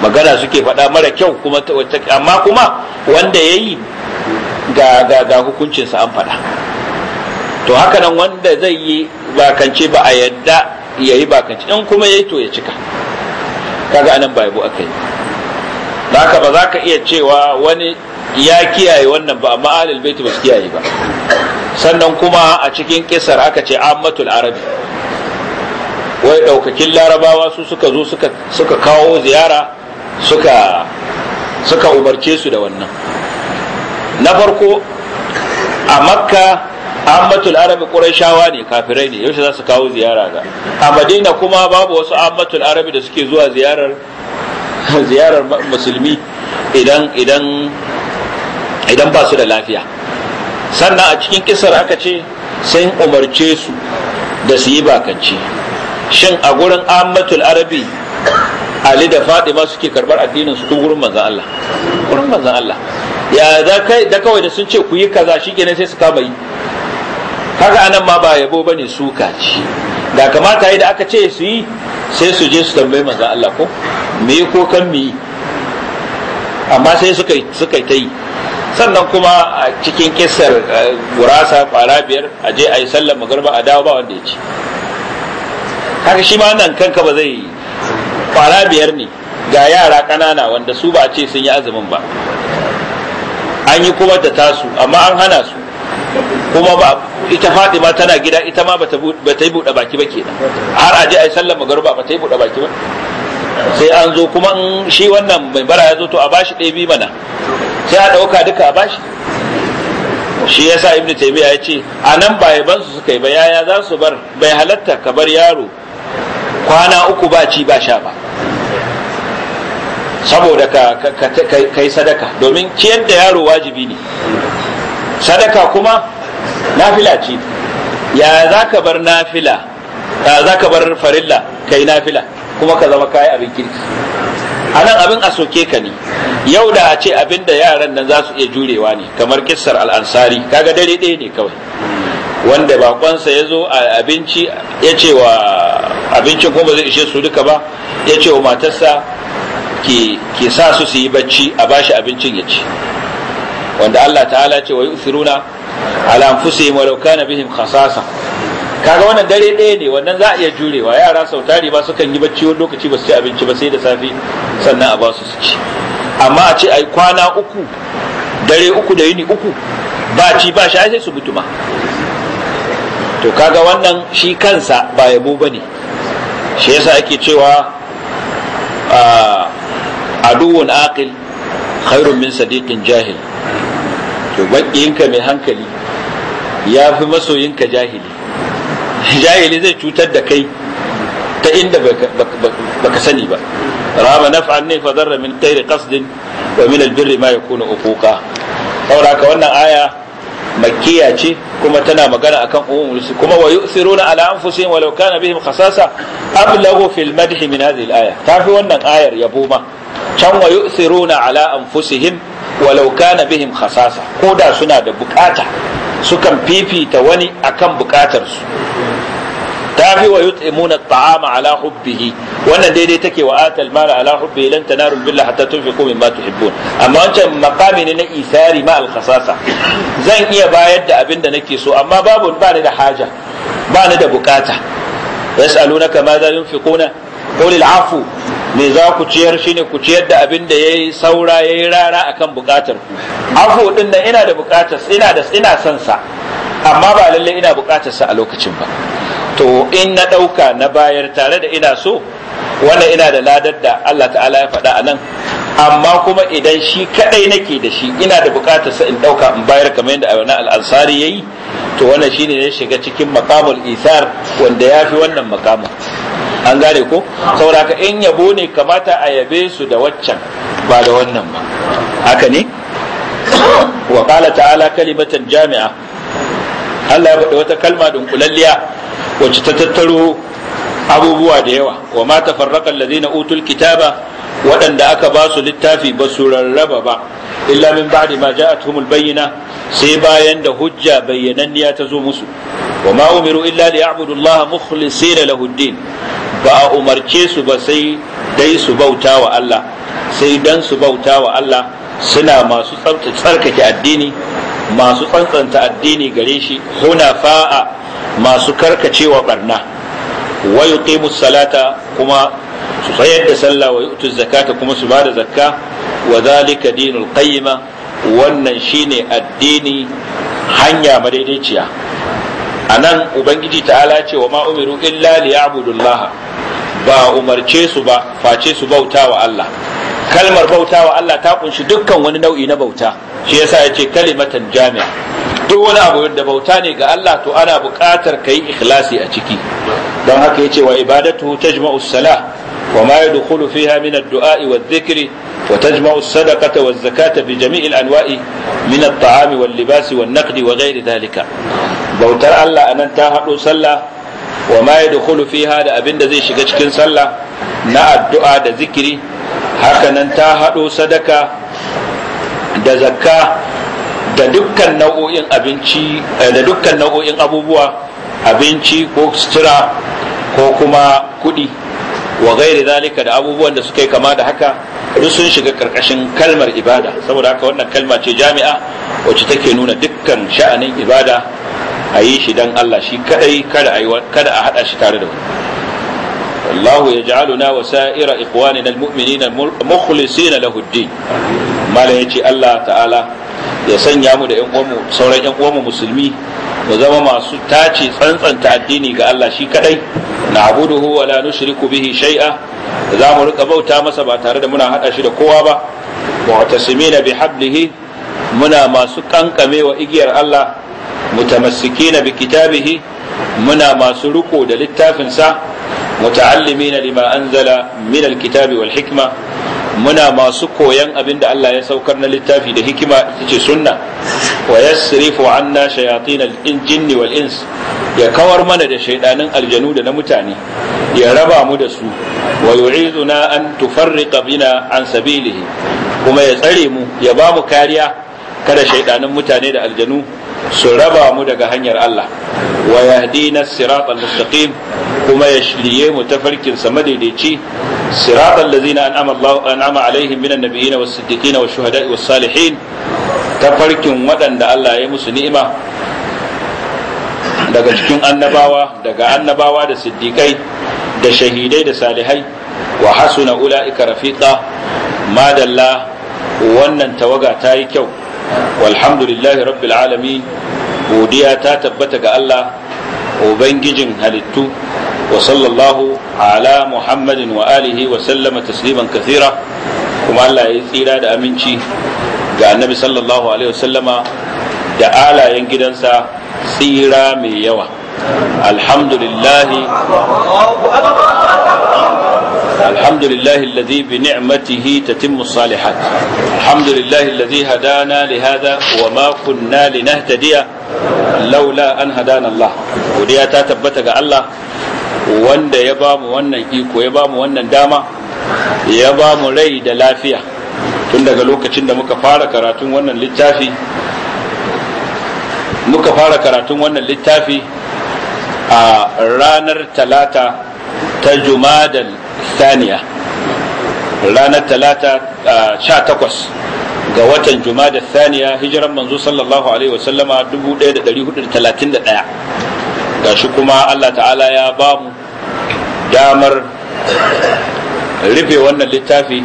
Speaker 2: magana suke faɗa mara kyau kuma amma kuma wanda yayi ga ga ga hukuncin sa an faɗa to haka nan wanda zai yi kance ba a yadda yayi bakance in kuma yayi to ya cika kaga anan ba yabo akai ba ka ba za ka iya cewa wani ya kiyaye wannan ba amma ahlul baiti ba su kiyaye ba sannan kuma a cikin kisar aka ce ammatul arabi wai daukakin larabawa su suka zo suka suka kawo ziyara suka suka umarce su da wannan na farko a makka ammatul arabi qurayshawa ne kafirai ne yaushe za su kawo ziyara ga a madina kuma babu wasu ammatul arabi da suke zuwa ziyarar ziyarar musulmi idan idan idan ba su da lafiya sannan a cikin kisar aka ce sun umarce su da su yi bakanci shin a gurin ammatul arabi ali da fadima suke karbar addinin su tun gurin manzan Allah gurin manzan Allah ya da kai da kawai da sun ce ku yi kaza shikenan sai su kama yi kaga anan ma ba yabo bane suka ci. da kamata yi da aka ce su yi sai su je su tambayi manzan Allah ko me ko kan mi amma sai suka suka ta yi sannan kuma a cikin kisar eh, gurasa fara biyar a je a yi sallar magarba a dawo ba wanda ya ci haka shi ma nan kanka ba zai fara biyar ne ga yara ƙanana wanda su ba a ce sun yi azumin ba an yi kuma da tasu amma an hana su kuma ba ita ma tana gida ita ma ba ta yi buɗe baki ba kenan har a je a yi sallar magarba ba ta yi buɗe baki ba sai an zo kuma shi wannan mai bara ya zo to a bashi ɗaya biyu mana sai a ɗauka duka a bashi shi ya sa Ibn taimiyya ya ce a nan ba yaban su suka yi ba yaya za su bar bai halatta ka bar yaro kwana uku ba ci ba sha ba saboda ka yi sadaka domin ciyar da yaro wajibi ne sadaka kuma nafila ce ya za ka bar nafila za ka bar farilla ka yi nafila kuma ka zama kayi abin kirki a nan abin a soke ka ne yau da a ce abin da yaran nan za su iya jurewa ne kamar kissar al'ansari kaga dare ɗaya ne kawai wanda bakonsa ya zo a abinci ya ce wa abincin kuma zai ishe su duka ba ya ce wa matarsa ke sa su su yi bacci a bashi abincin ya ci wanda Allah ta'ala ce wa yi ala anfusihim walau kana bihim khasasa kaga wannan dare ɗaya ne wannan za a iya jurewa yara sau tari ba sukan yi bacci wani lokaci ba su ci abinci ba sai da safe sannan a ba su su ci amma a ce ai kwana uku dare uku da yini uku ba ci ba shi sai su mutu ma to kaga wannan shi kansa ba yabo ba ne shi yasa ake cewa aduwun aqil khairun min sadiqin jahil to bakiyinka mai hankali ya fi masoyinka jahili jahili zai cutar da kai ta inda baka sani ba rama naf'an ne fa zarra min ghairi qasdin wa min albirri ma yakunu uquqa saboda ka wannan aya makkiya ce kuma tana magana akan umul kuma wa yu'thiruna ala anfusihim walau kana bihim khasasa ablagu fil madhi min hadhihi al Ta tafi wannan ayar yabo ma can wa yu'thiruna ala anfusihim walau kana bihim khasasa ko da suna da bukata sukan fifita wani akan bukatarsu ta fi wa yut'imuna at'ama ala hubbihi wannan daidai take wa atal mala ala hubbihi lan tanaru billa hatta tunfiqu mimma tuhibbun amma wancan maqami ne na isari ma al khasasa zan iya bayar da abin da nake so amma babu ba ni da haja ba ni da bukata yas'alunaka ma za yunfiquna qul al afu me za ku ciyar shi ne ku ciyar da abin da ya yi saura ya yi rara a kan buƙatar ku afu ɗin nan ina da buƙatar, ina da ina son sa amma ba lallai ina bukatar sa a lokacin ba to in na ɗauka na bayar tare da ina so wanda ina da ladar da Allah ta'ala ya faɗa a nan amma kuma idan shi kaɗai nake da shi ina da buƙatar sa in ɗauka in bayar kamar yadda ayyana al'ansari ya yi to wannan shine ya shiga cikin makamul isar wanda ya fi wannan makamun an gane ko sauraka in yabo ne kamata a yabe su da waccan ba da wannan ba haka ne wa qala ta'ala kalimatan jami'a Allah ya faɗi wata kalma dunkulalliya wacce ta tattaro abubuwa da yawa wa ma farraƙa alladhina utul kitaba waɗanda aka ba su littafi ba su rarraba ba illa min ba'di ma ja'atuhumul bayyina sai bayan da hujja bayyananniya ta zo musu wa ma umiru illa li ya'budu Allah mukhlisina lahu din ba a umarce su ba sai dai su bauta wa Allah sai dan su bauta wa Allah suna masu tsarkake addini masu tsantsanta addini gare shi hunafa'a masu karkacewa barna wa yuqimu salata kuma su tsayar da sallah wa yu'tu zakata kuma su bada zakka wa zalika dinul qayyima wannan shine addini hanya madaidaiciya anan ubangiji ta'ala ce wa ma umiru illa liya'budullaha ba umarce su ba face su bauta wa Allah kalmar bauta wa Allah ta kunshi dukkan wani nau'i na bauta shi yasa ya ce kalimatan jami'a duk wani abu da bauta ne ga Allah to ana buƙatar ka yi ikhlasi a ciki don haka ya ce wa ibadatu tajma'u sala wa ma yadkhulu fiha min ad-du'a wa zikiri dhikri wa tajma'u sadaqata wa zakata bi jami'il anwa'i min at-ta'ami wal-libasi naqdi wa ghairi dhalika bautar Allah anan ta haɗo sallah wa ma yadkhulu fiha da abin da zai shiga cikin sallah na addu'a da zikiri haka nan ta haɗo sadaka da zakka da dukkan nau'o'in abinci eh, da dukkan nau'o'in abubuwa abinci ko sutura ko kuma kuɗi wa gairi zalika da abubuwan da suka yi kama da haka duk sun shiga karkashin kalmar ibada saboda haka wannan kalma ce jami'a wacce take nuna dukkan sha'anin ibada a yi shi dan Allah shi kadai kada a kada a hada shi tare da wani والله يجعلنا وسائر إخواننا المؤمنين مخلصين له الدين malam ya ce Allah ta'ala ya sanya mu da sauran yan uwanmu musulmi mu zama masu tace tsantsanta addini ga Allah shi kadai na abuduhu wa la nushriku bihi shay'a za mu rika bauta masa ba tare da muna hada shi da kowa ba wa tasimina bi hablihi muna masu kankame wa igiyar Allah mutamassikina bi kitabihi muna masu riko da littafin sa muta'allimina lima anzala min alkitabi wal hikma muna masu koyon abin da Allah ya saukar na littafi da hikima ita ce sunna wa yasrifu anna shayatin al-jinni wal ins ya kawar mana da shaidanin aljanu da na mutane ya raba mu da su wa yu'izuna an tufarriqa bina an sabilihi kuma ya tsare mu ya ba mu kariya kada shaidanin mutane da aljanu su raba mu daga hanyar Allah wa yahdina as-siratal mustaqim kuma ya shirye mu tafarkin sa madaidaici siratal ladzina an'ama Allah an'ama alaihim minan nabiyina was siddiqina was shuhada'i was salihin tafarkin waɗanda Allah ya musu ni'ima daga cikin annabawa daga annabawa da siddiqai da shahidai da salihai wa hasuna ula'ika rafiqa madalla wannan tawaga ta yi kyau walhamdulillahi rabbil alamin godiya ta tabbata ga Allah ubangijin halittu وصلى الله على محمد وآله وسلم تسليما كثيرا kuma Allah ya tsira da aminci ga annabi sallallahu alaihi wasallama da alayen gidansa tsira mai yawa alhamdulillahi الحمد لله الذي بنعمته تتم الصالحات الحمد لله الذي هدانا لهذا وما كنا لنهتدي لولا أن هدانا الله وديا تتبتك الله wanda ya ba mu wannan iko ya ba mu wannan dama ya ba mu rai da lafiya tun daga lokacin da muka fara karatun wannan littafi muka fara karatun wannan littafi a ranar talata ta jumadal saniya ranar talata sha takwas ga watan jumadal saniya hijiran manzo sallallahu alaihi wasallama 1431 shi kuma Allah ta'ala ya ba mu damar rufe wannan littafi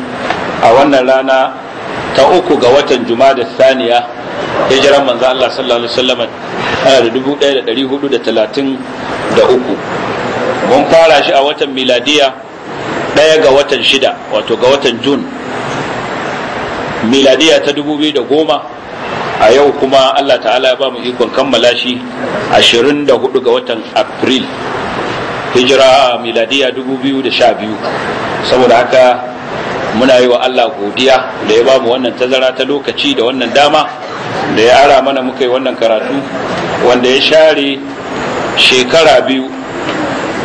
Speaker 2: a wannan rana ta uku ga watan da saniya hijiran manzo Allah sallallahu alaihi wasallam ana da uku. mun fara shi a watan miladiya ɗaya ga watan shida wato ga watan jun miladiya ta dubu biyu da goma. a yau kuma Allah ta'ala ya ba mu ikon kammala shi ashirin da hudu ga watan april hijira miladiya 2012 saboda haka muna yi wa Allah godiya da ya bamu wannan tazara ta lokaci da wannan dama da ya ara mana muka yi wannan karatu wanda ya share shekara biyu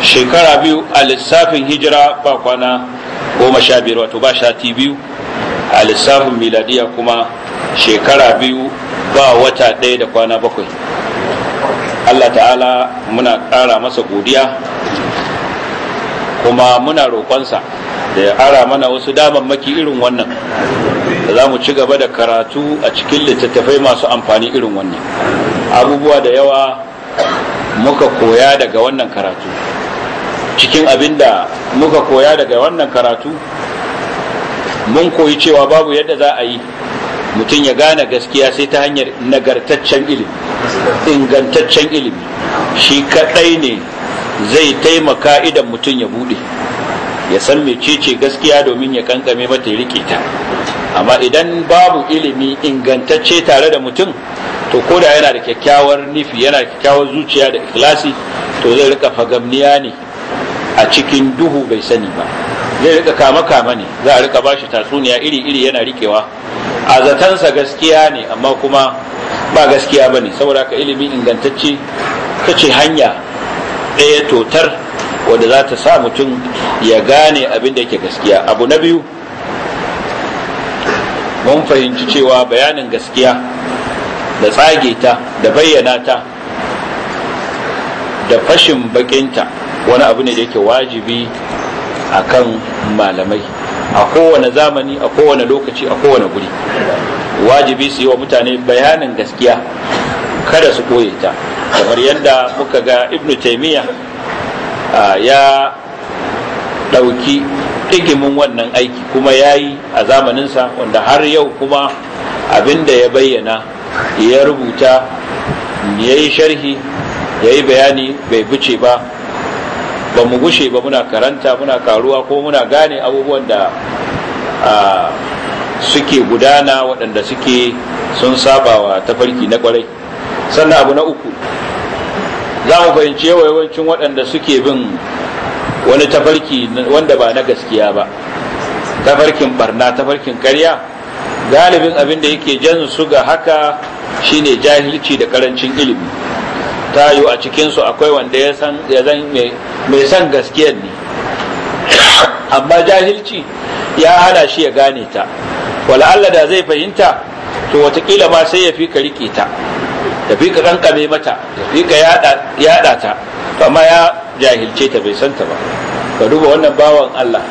Speaker 2: shekara biyu a lissafin hijira ba kwana goma sha biyar wato ba shati biyu a lissafin miladiya kuma shekara biyu ba wata ɗaya da kwana bakwai Allah ta'ala muna ƙara masa godiya kuma muna roƙonsa da ya ara mana wasu damammaki irin wannan da za mu ci gaba da karatu a cikin littattafai masu amfani irin wannan abubuwa da yawa muka koya daga wannan karatu cikin abin da muka koya daga wannan karatu mun koyi cewa babu yadda za a yi mutum ya gane gaskiya sai ta hanyar nagartaccen ilimi ingantaccen ilimi shi kaɗai ne zai taimaka idan mutum ya buɗe, ya san mace-ce gaskiya domin ya kankame mata ya rike ta amma idan babu ilimi ingantacce tare da mutum to ko yana da kyakkyawar nufi yana da kyakkyawar zuciya da ikhlasi to zai rika fagamniya ne a cikin duhu bai sani ba zai rika kama kama ne za a rika bashi tatsuniya iri iri yana rikewa a zatansa gaskiya ne amma kuma ba gaskiya ba ne saboda ka ilimi ingantacce ta ce hanya ɗaya totar wadda za ta sa mutum ya gane abin da yake gaskiya abu na biyu mun fahimci cewa bayanin gaskiya da tsage ta da bayyana ta da fashin bakinta wani abu ne da yake wajibi akan malamai a kowane zamani a kowane lokaci a kowane guri wajibi su yi wa mutane bayanin gaskiya kada su koye ta kamar yadda muka ga ibnu taimiyya ya ɗauki ɗigimin wannan aiki kuma ya yi a zamaninsa wanda har yau kuma abin da ya bayyana ya rubuta ya yi sharhi ya yi bayani bai buce ba ba mu gushe ba muna karanta muna karuwa ko muna gane abubuwan da suke gudana waɗanda suke sun sabawa tafarki na ƙwarai sannan abu na uku za mu fahimci yawancin waɗanda suke bin wani tafarki wanda ba na gaskiya ba tafarkin barna tafarkin karya galibin abin da yake jan su ga haka shine jahilci da karancin ilimi ta yi a cikinsu akwai wanda ya san mai san gaskiyar ne amma jahilci ya hana shi ya gane ta wala Allah da zai fahimta to watakila ma sai ya fi ka rike ta ya fi ka kankame mata ya fi ka yada ta to amma ya jahilce ta bai santa ba ka duba wannan bawan Allah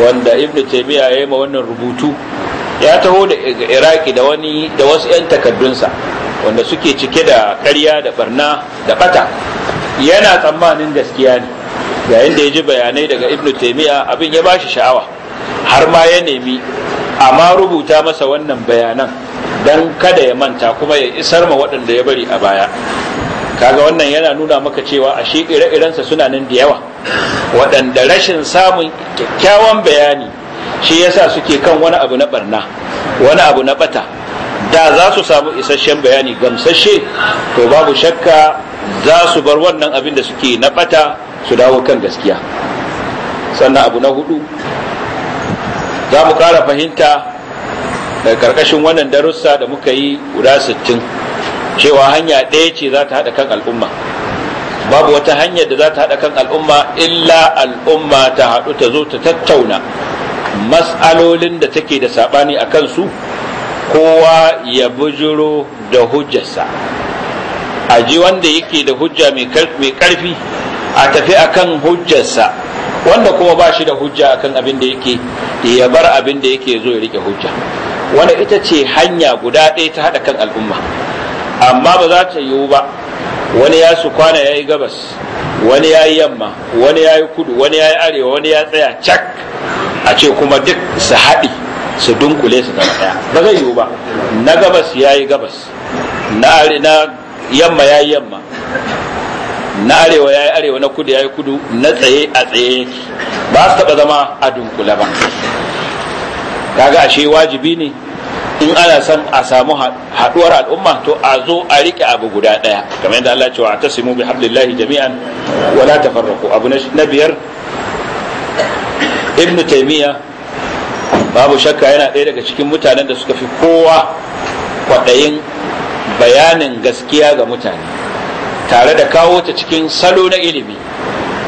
Speaker 2: wanda ibnu taymiya ya yi ma wannan rubutu ya taho da iraki da wani da wasu 'yan takaddunsa wanda suke cike da ƙarya da barna da bata yana tsammanin gaskiya ne yayin da ya ji bayanai daga ibnu taymiya abin ya bashi sha'awa har ma ya nemi amma rubuta masa wannan bayanan don kada ya manta kuma ya isar ma waɗanda ya bari a baya kaga wannan yana nuna maka cewa a shi ire-irensa suna nan da yawa waɗanda rashin samun kyakkyawan bayani shi yasa suke kan wani abu na barna wani abu na bata da za su samu isasshen bayani gamsashe to babu shakka za su bar wannan abin da suke na bata su dawo kan gaskiya sannan abu na hudu za mu ƙara fahimta daga ƙarƙashin wannan darussa da muka yi guda sittin cewa hanya ɗaya ce za ta haɗa kan al'umma babu wata hanyar da za ta haɗa kan al'umma illa al'umma ta haɗu ta zo ta tattauna matsalolin da take da saɓani a kansu kowa ya bujiro da hujjarsa a ji wanda yake da hujja mai ƙarfi a tafi akan hujjarsa wanda kuma ba shi da hujja akan abin da yake ya bar abin da yake zo ya rike hujja wanda ita ce hanya guda ɗaya ta haɗa kan al'umma amma ba za ta yiwu ba wani ya su kwana ya yi gabas wani ya yi yamma wani ya yi kudu wani ya yi arewa wani ya tsaya cak a ce kuma duk su haɗi su dunkule su zama ɗaya ba zai yiwu ba na gabas ya yi gabas na yamma ya yi yamma na arewa ya yi arewa na kudu ya yi kudu na tsaye a tsaye ba su taba zama a dunkula ba kaga ashe wajibi ne in ana son a samu haɗuwar al'umma to a zo a rike abu guda ɗaya kamar yadda Allah cewa ta simu bi hablillahi jami'an wala tafarraqu abu na biyar ibnu taymiya babu shakka yana ɗaya daga cikin mutanen da suka fi kowa kwaɗayin bayanin gaskiya ga mutane tare da kawo ta cikin salo na ilimi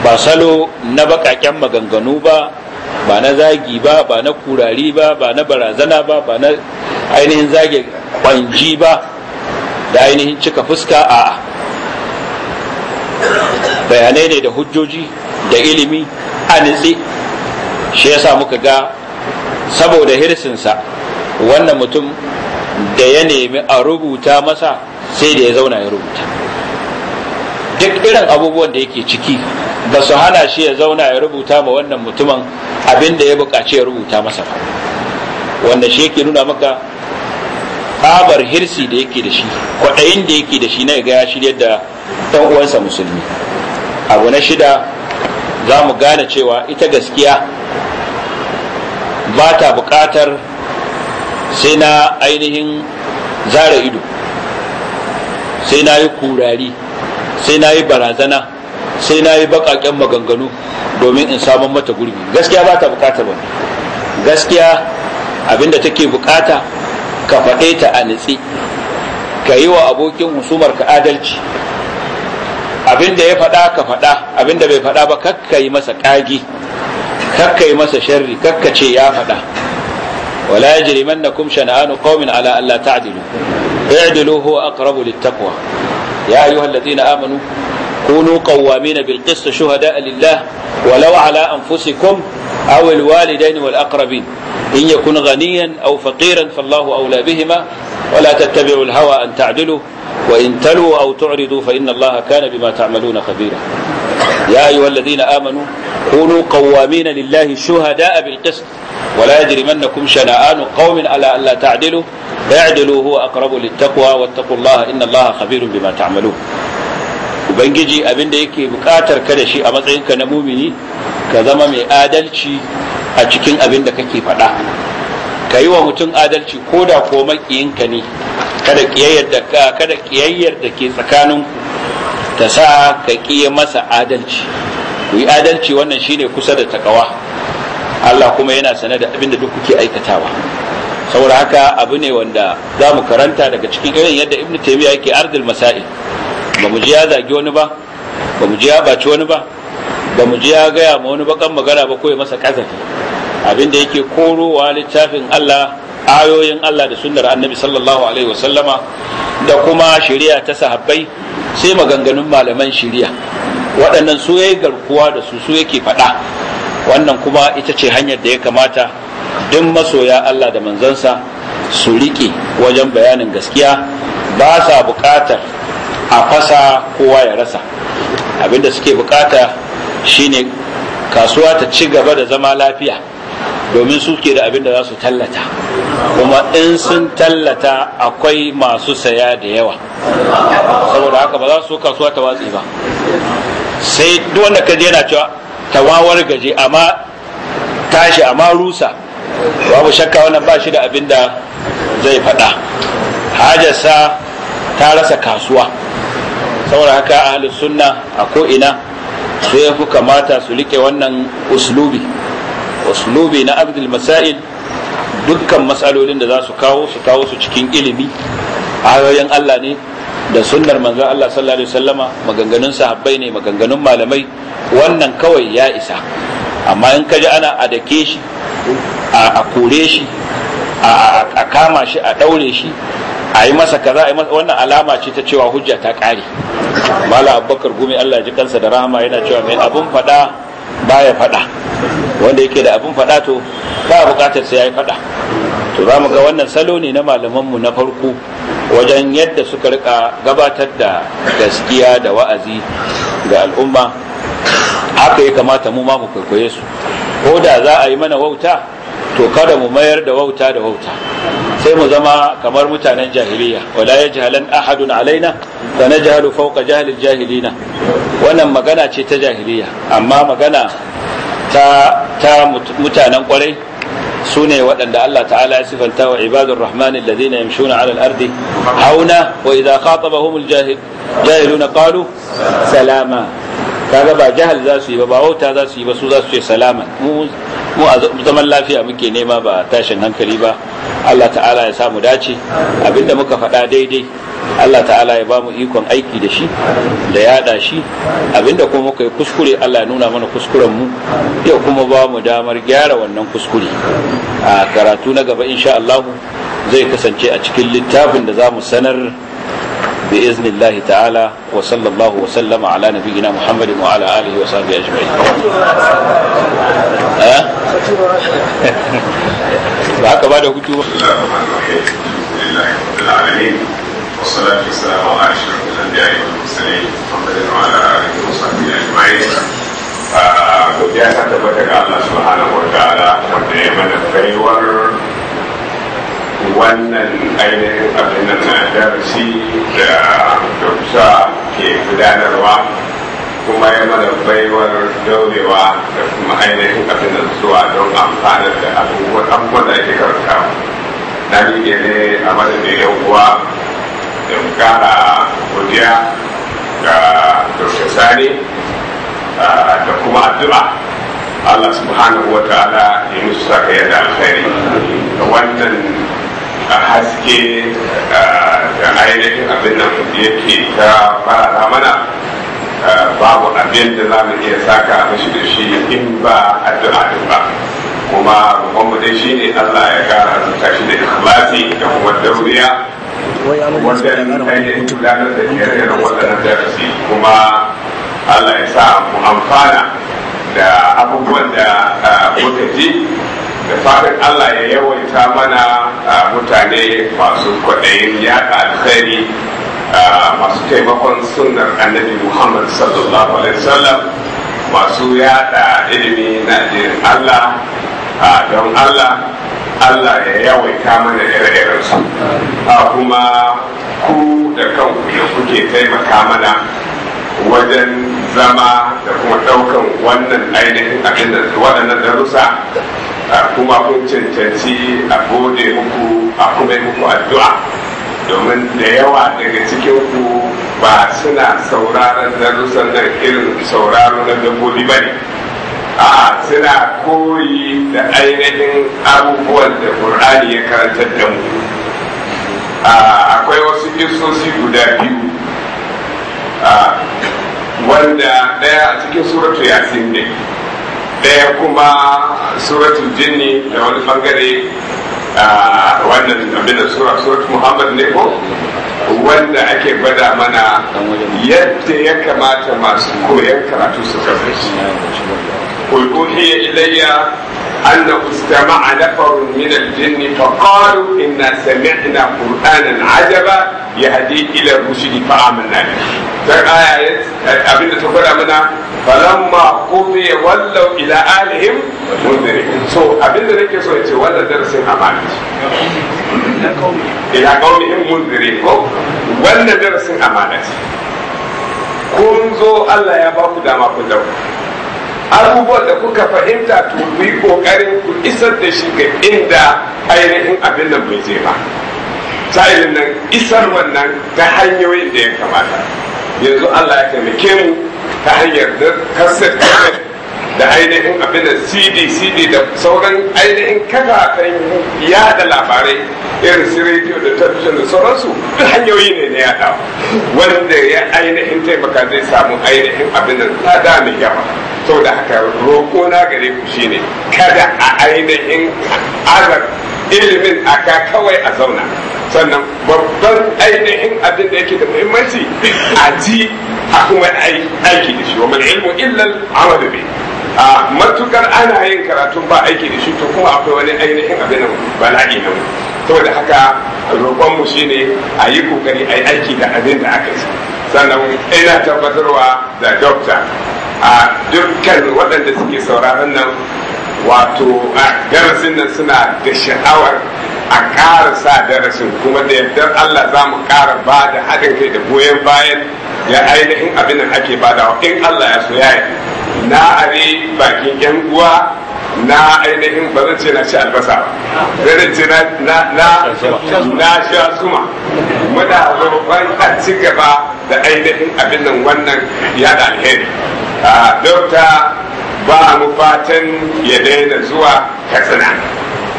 Speaker 2: ba salo na bakaken maganganu ba ba na zagi ba ba na kurari ba ba na barazana ba ba na ainihin zage kwanji ba da ainihin cika fuska a bayanai ne da hujjoji da ilimi a nitsi shi yasa muka ga saboda hirsinsa wannan mutum da ya nemi a rubuta masa sai da ya zauna ya rubuta duk irin abubuwan da yake ciki ba su hana shi ya zauna ya rubuta ma wannan mutumin abin da ya buƙaci ya rubuta masa ba wanda shi yake nuna maka babar hirsi da yake da shi kwaɗayin da yake da shi na ga ya shirya da ɗan uwansa musulmi abu na shida za mu gane cewa ita gaskiya ba ta buƙatar sai na ainihin zara ido sai na yi kurari sai na yi barazana sai na yi baƙaƙen maganganu domin in samun mata gurbi gaskiya ba ta bukata ba gaskiya abinda take bukata ka faɗe ta a nitsi ka yi wa abokin husumar ka adalci abinda ya faɗa ka faɗa abinda bai faɗa ba kakka yi masa ƙagi kakka yi masa sharri kakka ce ya faɗa wala yajrimannakum shana'anu qaumin ala alla da i'dilu huwa aqrabu littaqwa يا أيها الذين آمنوا كونوا قوامين بالقسط شهداء لله ولو على أنفسكم أو الوالدين والأقربين إن يكن غنيا أو فقيرا فالله أولى بهما ولا تتبعوا الهوى أن تعدلوا وإن تلووا أو تعرضوا فإن الله كان بما تعملون خبيرا يا أيها الذين آمنوا كونوا قوامين لله شهداء بالقسط ولا يجرمنكم شنآن قوم على ألا تعدلوا اعدلوا هو أقرب للتقوى واتقوا الله إن الله خبير بما تعملون ubangiji abin da yake bukatar ka da shi a matsayinka na mumini ka zama mai adalci a cikin abin da kake faɗa ka yi wa mutum adalci ko da ko makiyinka ne kada ƙiyayyar da ke tsakaninku ta sa ka kiye masa adalci ku yi adalci wannan shine kusa da takawa Allah kuma yana sane da abin da duk kuke aikatawa saboda haka abu ne wanda za mu karanta daga cikin irin yadda ibn taymiya yake ardil masail ba mu ji ya zagi wani ba ba mu ji ya baci wani ba ba mu ji ya gaya ma wani bakan magana ba koyi masa kazafi abin da yake korowa littafin Allah ayoyin Allah da sunnar annabi sallallahu alaihi wasallama da kuma shari'a ta sahabbai sai maganganun malaman shiriya waɗannan su yayi garkuwa da su su yake faɗa wannan kuma ita ce hanyar da ya kamata duk masoya Allah da manzansa su riƙe wajen bayanin gaskiya ba sa buƙatar a fasa kowa ya rasa abinda suke buƙata shine kasuwa ta ci gaba da zama lafiya domin suke da abin da za su tallata kuma in sun tallata akwai masu saya da yawa saboda haka ba za su kasuwa ta watsi ba sai duk wanda ka yana cewa tawawar gaje amma tashi amma rusa babu shakka wannan ba shi da abin da zai faɗa hajarsa ta rasa kasuwa saboda haka ahlus sunna a ina sai ya fi kamata su rike wannan uslubi uslubi na abdul masail dukkan matsalolin da za su kawo su kawo su cikin ilimi ayoyin Allah ne da sunnar manzon Allah sallallahu alaihi wasallama maganganun sahabbai ne maganganun malamai wannan kawai ya isa amma in ka ji ana adake shi a kore shi a kama shi a daure shi a yi masa kaza a yi masa wannan alama ce ta cewa hujja ta kare mala abubakar gumi Allah ji kansa da rahama yana cewa mai abun fada baya fada wanda yake da abin faɗa to ba buƙatar sai ya yi faɗa to za mu ga wannan salo ne na malamanmu na farko wajen yadda suka rika gabatar da gaskiya da wa'azi ga al'umma haka ya kamata mu ma mu kwaikwaye su ko da za a yi mana wauta to kada mu mayar da wauta da wauta sai mu zama kamar mutanen jahiliya wala ya jahalan ahadun alaina fa najhalu fawqa jahli jahilina wannan magana ce ta jahiliya amma magana ta ta mutanen kwarai su ne waɗanda Allah ta'ala ya sifanta wa ibadur rahman alladhina yamshuna alal al-ardi hauna wa idza khatabahum al na qalu salama kaga ba jahal za su yi ba ba wauta za su yi ba su za su ce salama mu a zaman lafiya muke nema ba tashin hankali ba Allah ta'ala ya samu dace abinda muka faɗa daidai Allah ta'ala ya ba mu ikon aiki da shi da yaɗa shi abinda kuma muka yi kuskure Allah ya nuna mana kuskuren mu yau kuma ba mu damar gyara wannan kuskure a karatu na gaba insha Allah zai kasance a cikin littafin da za mu sanar بإذن الله تعالى وصلى الله وسلم على نبينا محمد وعلى آله وصحبه أجمعين ها؟ بعد بعد كتب لله رب العالمين والصلاة والسلام على أشرف الأنبياء والمرسلين محمد وعلى آله وصحبه أجمعين
Speaker 3: godiya ta tabbata ga Allah subhanahu wa ta'ala wanda ya mana kaiwar wannan ainihin abin nan na darasi da dokta ke gudanarwa kuma ya mana baiwar daurewa da kuma ainihin abin da zuwa don amfanar da abubuwan abubuwan da ake karanta na rike ne a madadin yau uwa da kara godiya ga dokta sani da kuma addu'a Allah subhanahu wa ta'ala ya musu saka yadda alkhairi da wannan a haske da ainihin abin nan yake ta fara mana babu abin da za mu iya saka mashi da shi in ba addu'a din ba kuma roƙonmu dai shi ne Allah ya kara zuta shi da ikhlasi da kuma dauriya wanda ainihin gudanar da darasi kuma Allah ya sa mu amfana da abubuwan da muka ji da farin Allah ya yawaita mana mutane masu kwaɗayin yaɗa alkhairi masu taimakon sunnar annabi Muhammad sallallahu alaihi wasallam masu yaɗa ilimi na jin Allah don Allah Allah ya yawaita mana ire-irensu kuma ku da kanku da kuke taimaka mana wajen zama da kuma ɗaukan wannan ainihin abin da waɗannan darussa kuma kun cancanci a gode muku a kuma yi muku addu'a domin da yawa daga cikin ku ba suna sauraron darussan nan irin sauraro da dabbobi ba ne a suna koyi da ainihin abubuwan da ƙur'ani ya karantar da mu akwai wasu kisosi guda biyu wanda ɗaya a cikin suratu yasin ne ɗaya kuma suratul jini da wani bangare wannan abin da sura suratul muhammad ne ko wanda ake gwada mana yadda ya kamata masu koyon karatu su kasance. Kulkuhiya ilayya أنه استمع نفر من الجن فقالوا إنا سمعنا قرآنا عجبا يهدي إلى الرشد فآمنا به آية أبدا تقول أمنا فلما قضي ولوا إلى أهلهم منذرين سو أبدا نكي سو يتي ولا درس أمانة إلى قومهم منذرين ولا درس أمانة kun zo Allah ya ba ku dama kun dauka abubuwan da kuka fahimta to ku yi kokarin ku isar da shi ga inda ainihin abin nan bai je ba sa'ilin nan isar wannan ta hanyoyin da ya kamata yanzu allah ya taimake mu ta hanyar da kasar da ainihin abin da cd cd da sauran ainihin kafafen yada labarai irin su rediyo da talabijin da sauransu duk hanyoyi ne na yada wanda ya ainihin taimaka zai samu ainihin abin da tsada mai yawa da haka roƙo na gare ku shine kada a ainihin azar ilimin aka kawai a zauna sannan babban ainihin abin da yake da muhimmanci a ji a kuma aiki da shi wa mai ilmu illal amal bi a matukar ana yin karatun ba aiki da shi to kuma akwai wani ainihin abin bala'i nan saboda haka roƙon mu shine a yi kokari a yi aiki da abin da aka yi sannan ina tabbatarwa da dokta a dukkan waɗanda suke sauraron nan wato a darasin nan suna da sha'awar a ƙara sa darasin kuma da yardar Allah za mu ƙara ba da haɗin kai da goyon bayan ya ainihin abin da ake badawa in Allah ya so ya yi na are bakin yan uwa na ainihin ba zan ce na ci albasa ba zan ce na sha suma muna roƙon a ci gaba da ainihin abin nan wannan ya da alheri ah, dokta ba mu fatan ya daina zuwa katsina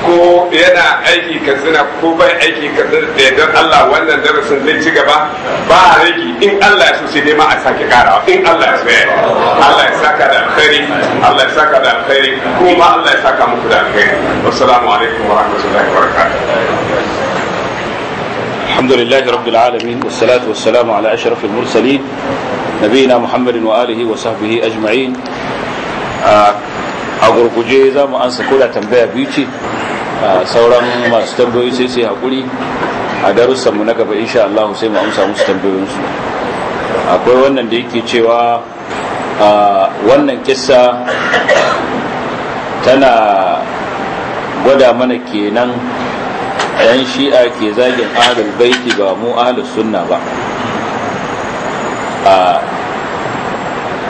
Speaker 3: ko yana aiki ka zina ko bai aiki katsina da yardar Allah wannan darasin zai ci gaba ba a rage in Allah ya so sai dai ma a sake karawa in Allah ya so ya Allah ya saka da alkhairi Allah ya saka da alkhairi kuma Allah ya saka muku da alkhairi wassalamu alaikum wa rahmatullahi wa barakatuh الحمد لله رب العالمين والصلاة والسلام على أشرف المرسلين
Speaker 2: نبينا محمد وآله وصحبه أجمعين a gurguje za mu ansa koda tambaya biyu ce sauran masu tambayoyi sai sai hakuri a darussanmu na gaba insha Allah sai mu amsa musu tambayoyinsu akwai wannan da yake cewa wannan kissa tana gwada mana kenan yan shi'a ke zagin ahlul baiti ba mu ahlus sunna ba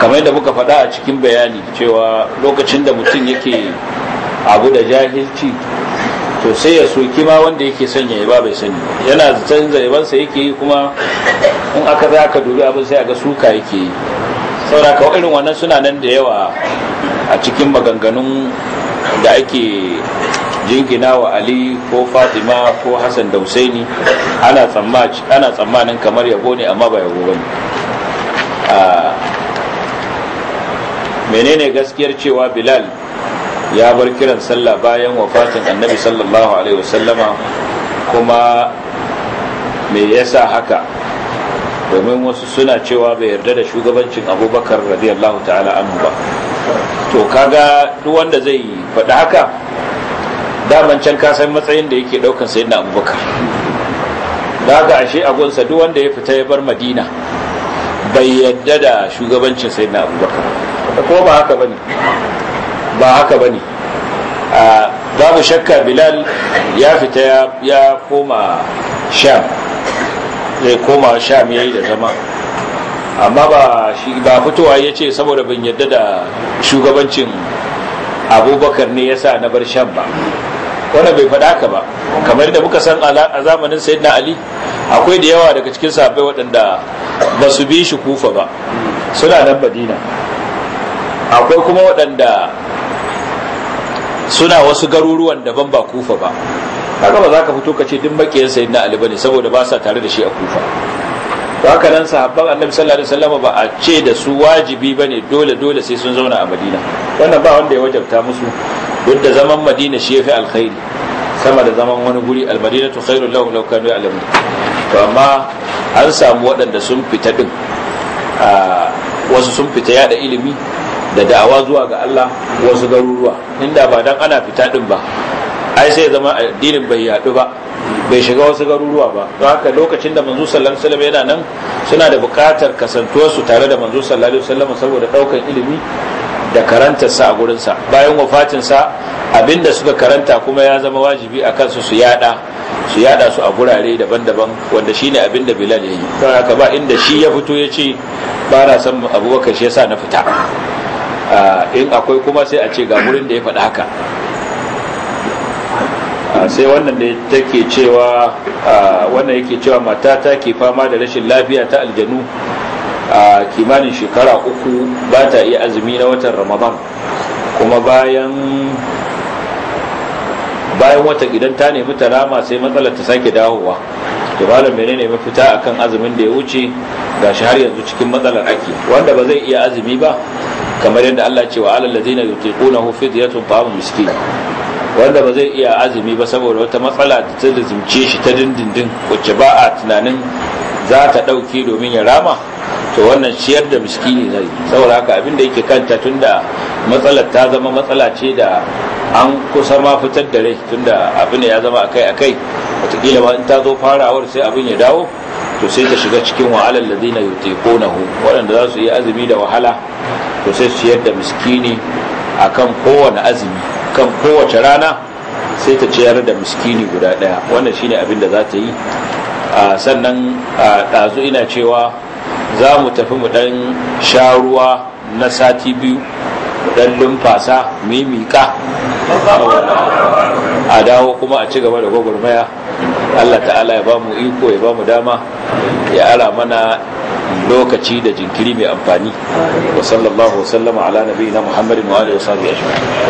Speaker 2: kamar da muka faɗa a cikin bayani cewa lokacin da mutum yake abu da jahilci to sai ya soki ma wanda yake sanya ya ba bai sani yana zaton zaibansa yake yi kuma in aka za ka dubi abin sai a ga suka yake yi saura ka irin wannan suna nan da yawa a cikin maganganun da ake jingina wa ali ko fatima ko hassan da husaini ana tsammanin kamar yabo ne amma ba yabo bane ah, menene gaskiyar cewa bilal ya bar kiran sallah bayan wafatin annabi sallallahu alaihi wasallama kuma me yasa haka domin wasu suna cewa bai yarda da shugabancin abubakar radiyallahu ta'ala anhu ba to kaga duk wanda zai faɗi haka daman can ka san matsayin da yake ɗaukan sayyidina abubakar da haka ashe agunsa duk wanda ya fita ya bar madina bai yarda da shugabancin sayyidina abubakar ko ba haka bane ba haka ba ne babu shakka bilal ya fita ya koma sham zai koma sham ya yi da zama amma ba fitowa ya ce saboda ban yadda da shugabancin abubakar ne ya sa na bar sham ba wanda bai faɗa ka ba kamar da muka san a zamanin na ali akwai da yawa daga cikin sahabbai waɗanda ba su bi shi kufa ba suna nan badina akwai kuma waɗanda suna wasu garuruwan daban ba kufa ba kaga ba za ka fito ka ce duk makiyan sayyid na ali bane saboda ba sa tare da shi a kufa to haka nan sahabban annabi sallallahu alaihi wasallam ba a ce da su wajibi bane dole dole sai sun zauna a madina wannan ba wanda ya wajabta musu duk da zaman madina shi yafi alkhairi sama da zaman wani guri almadinatu khairul lahu law kanu ya'lamun to amma an samu waɗanda sun fita din ah, wasu sun fita yada ilimi da da'awa zuwa ga Allah wasu garuruwa inda ba dan ana fita din ba ai sai ya zama addinin bai yadu ba bai shiga wasu garuruwa ba don haka lokacin da manzo sallallahu alaihi wasallam yana nan suna da buƙatar kasantuwar su tare da manzo sallallahu alaihi wasallam saboda ɗaukar ilimi da karanta sa a gurin sa bayan wafatin sa abinda suka karanta kuma ya zama wajibi a kansu su yada su yada su a gurare daban-daban wanda shine abinda Bilal ya yi don haka ba inda shi ya fito ya ce ba na san Abubakar shi yasa na fita Ah, in akwai kuma sai a ce ga wurin da ya faɗa haka ah, sai wannan da take cewa ah, wannan yake cewa matata ke fama da rashin lafiya ta aljanu a kimanin shekara uku ba ta iya azumi na watan ramadan kuma bayan bayan wata idan ta nemi ta rama sai matsalar ta sake dawowa to malam menene mafita akan azumin da ya wuce gashi har yanzu cikin matsalar ake wanda ba zai iya azumi ba kamar yadda Allah ce wa alal ladina yutiqunahu fidyatun mu miskin wanda ba zai iya azumi ba saboda wata matsala da ta zumce shi ta dindindin wacce ba a tunanin za ta dauke domin ya rama to wannan ciyar da miskini zai saboda haka abin da yake kanta tunda matsalar ta zama matsala ce da an kusa ma fitar da rai tunda abin da ya zama akai akai wataƙila ma in ta zo farawar sai abin ya dawo to sai ta shiga cikin wahalar da zina na konahu waɗanda za su yi azumi da wahala to sai su ciyar da miskini akan kowane azumi kan kowace rana sai ta ciyar da miskini guda ɗaya wannan shine abin da za ta yi sannan ɗazu ina cewa za mu tafi mu ɗan sha ruwa na sati biyu mu dan lumfasa mimika a dawo kuma a ci gaba da gwagwarmaya allah ta'ala ya ba mu iko ya ba mu dama ya ara mana lokaci da jinkiri mai amfani wa sallallahu wasallama ala nabi na muhammadin wa alihi wa sahbihi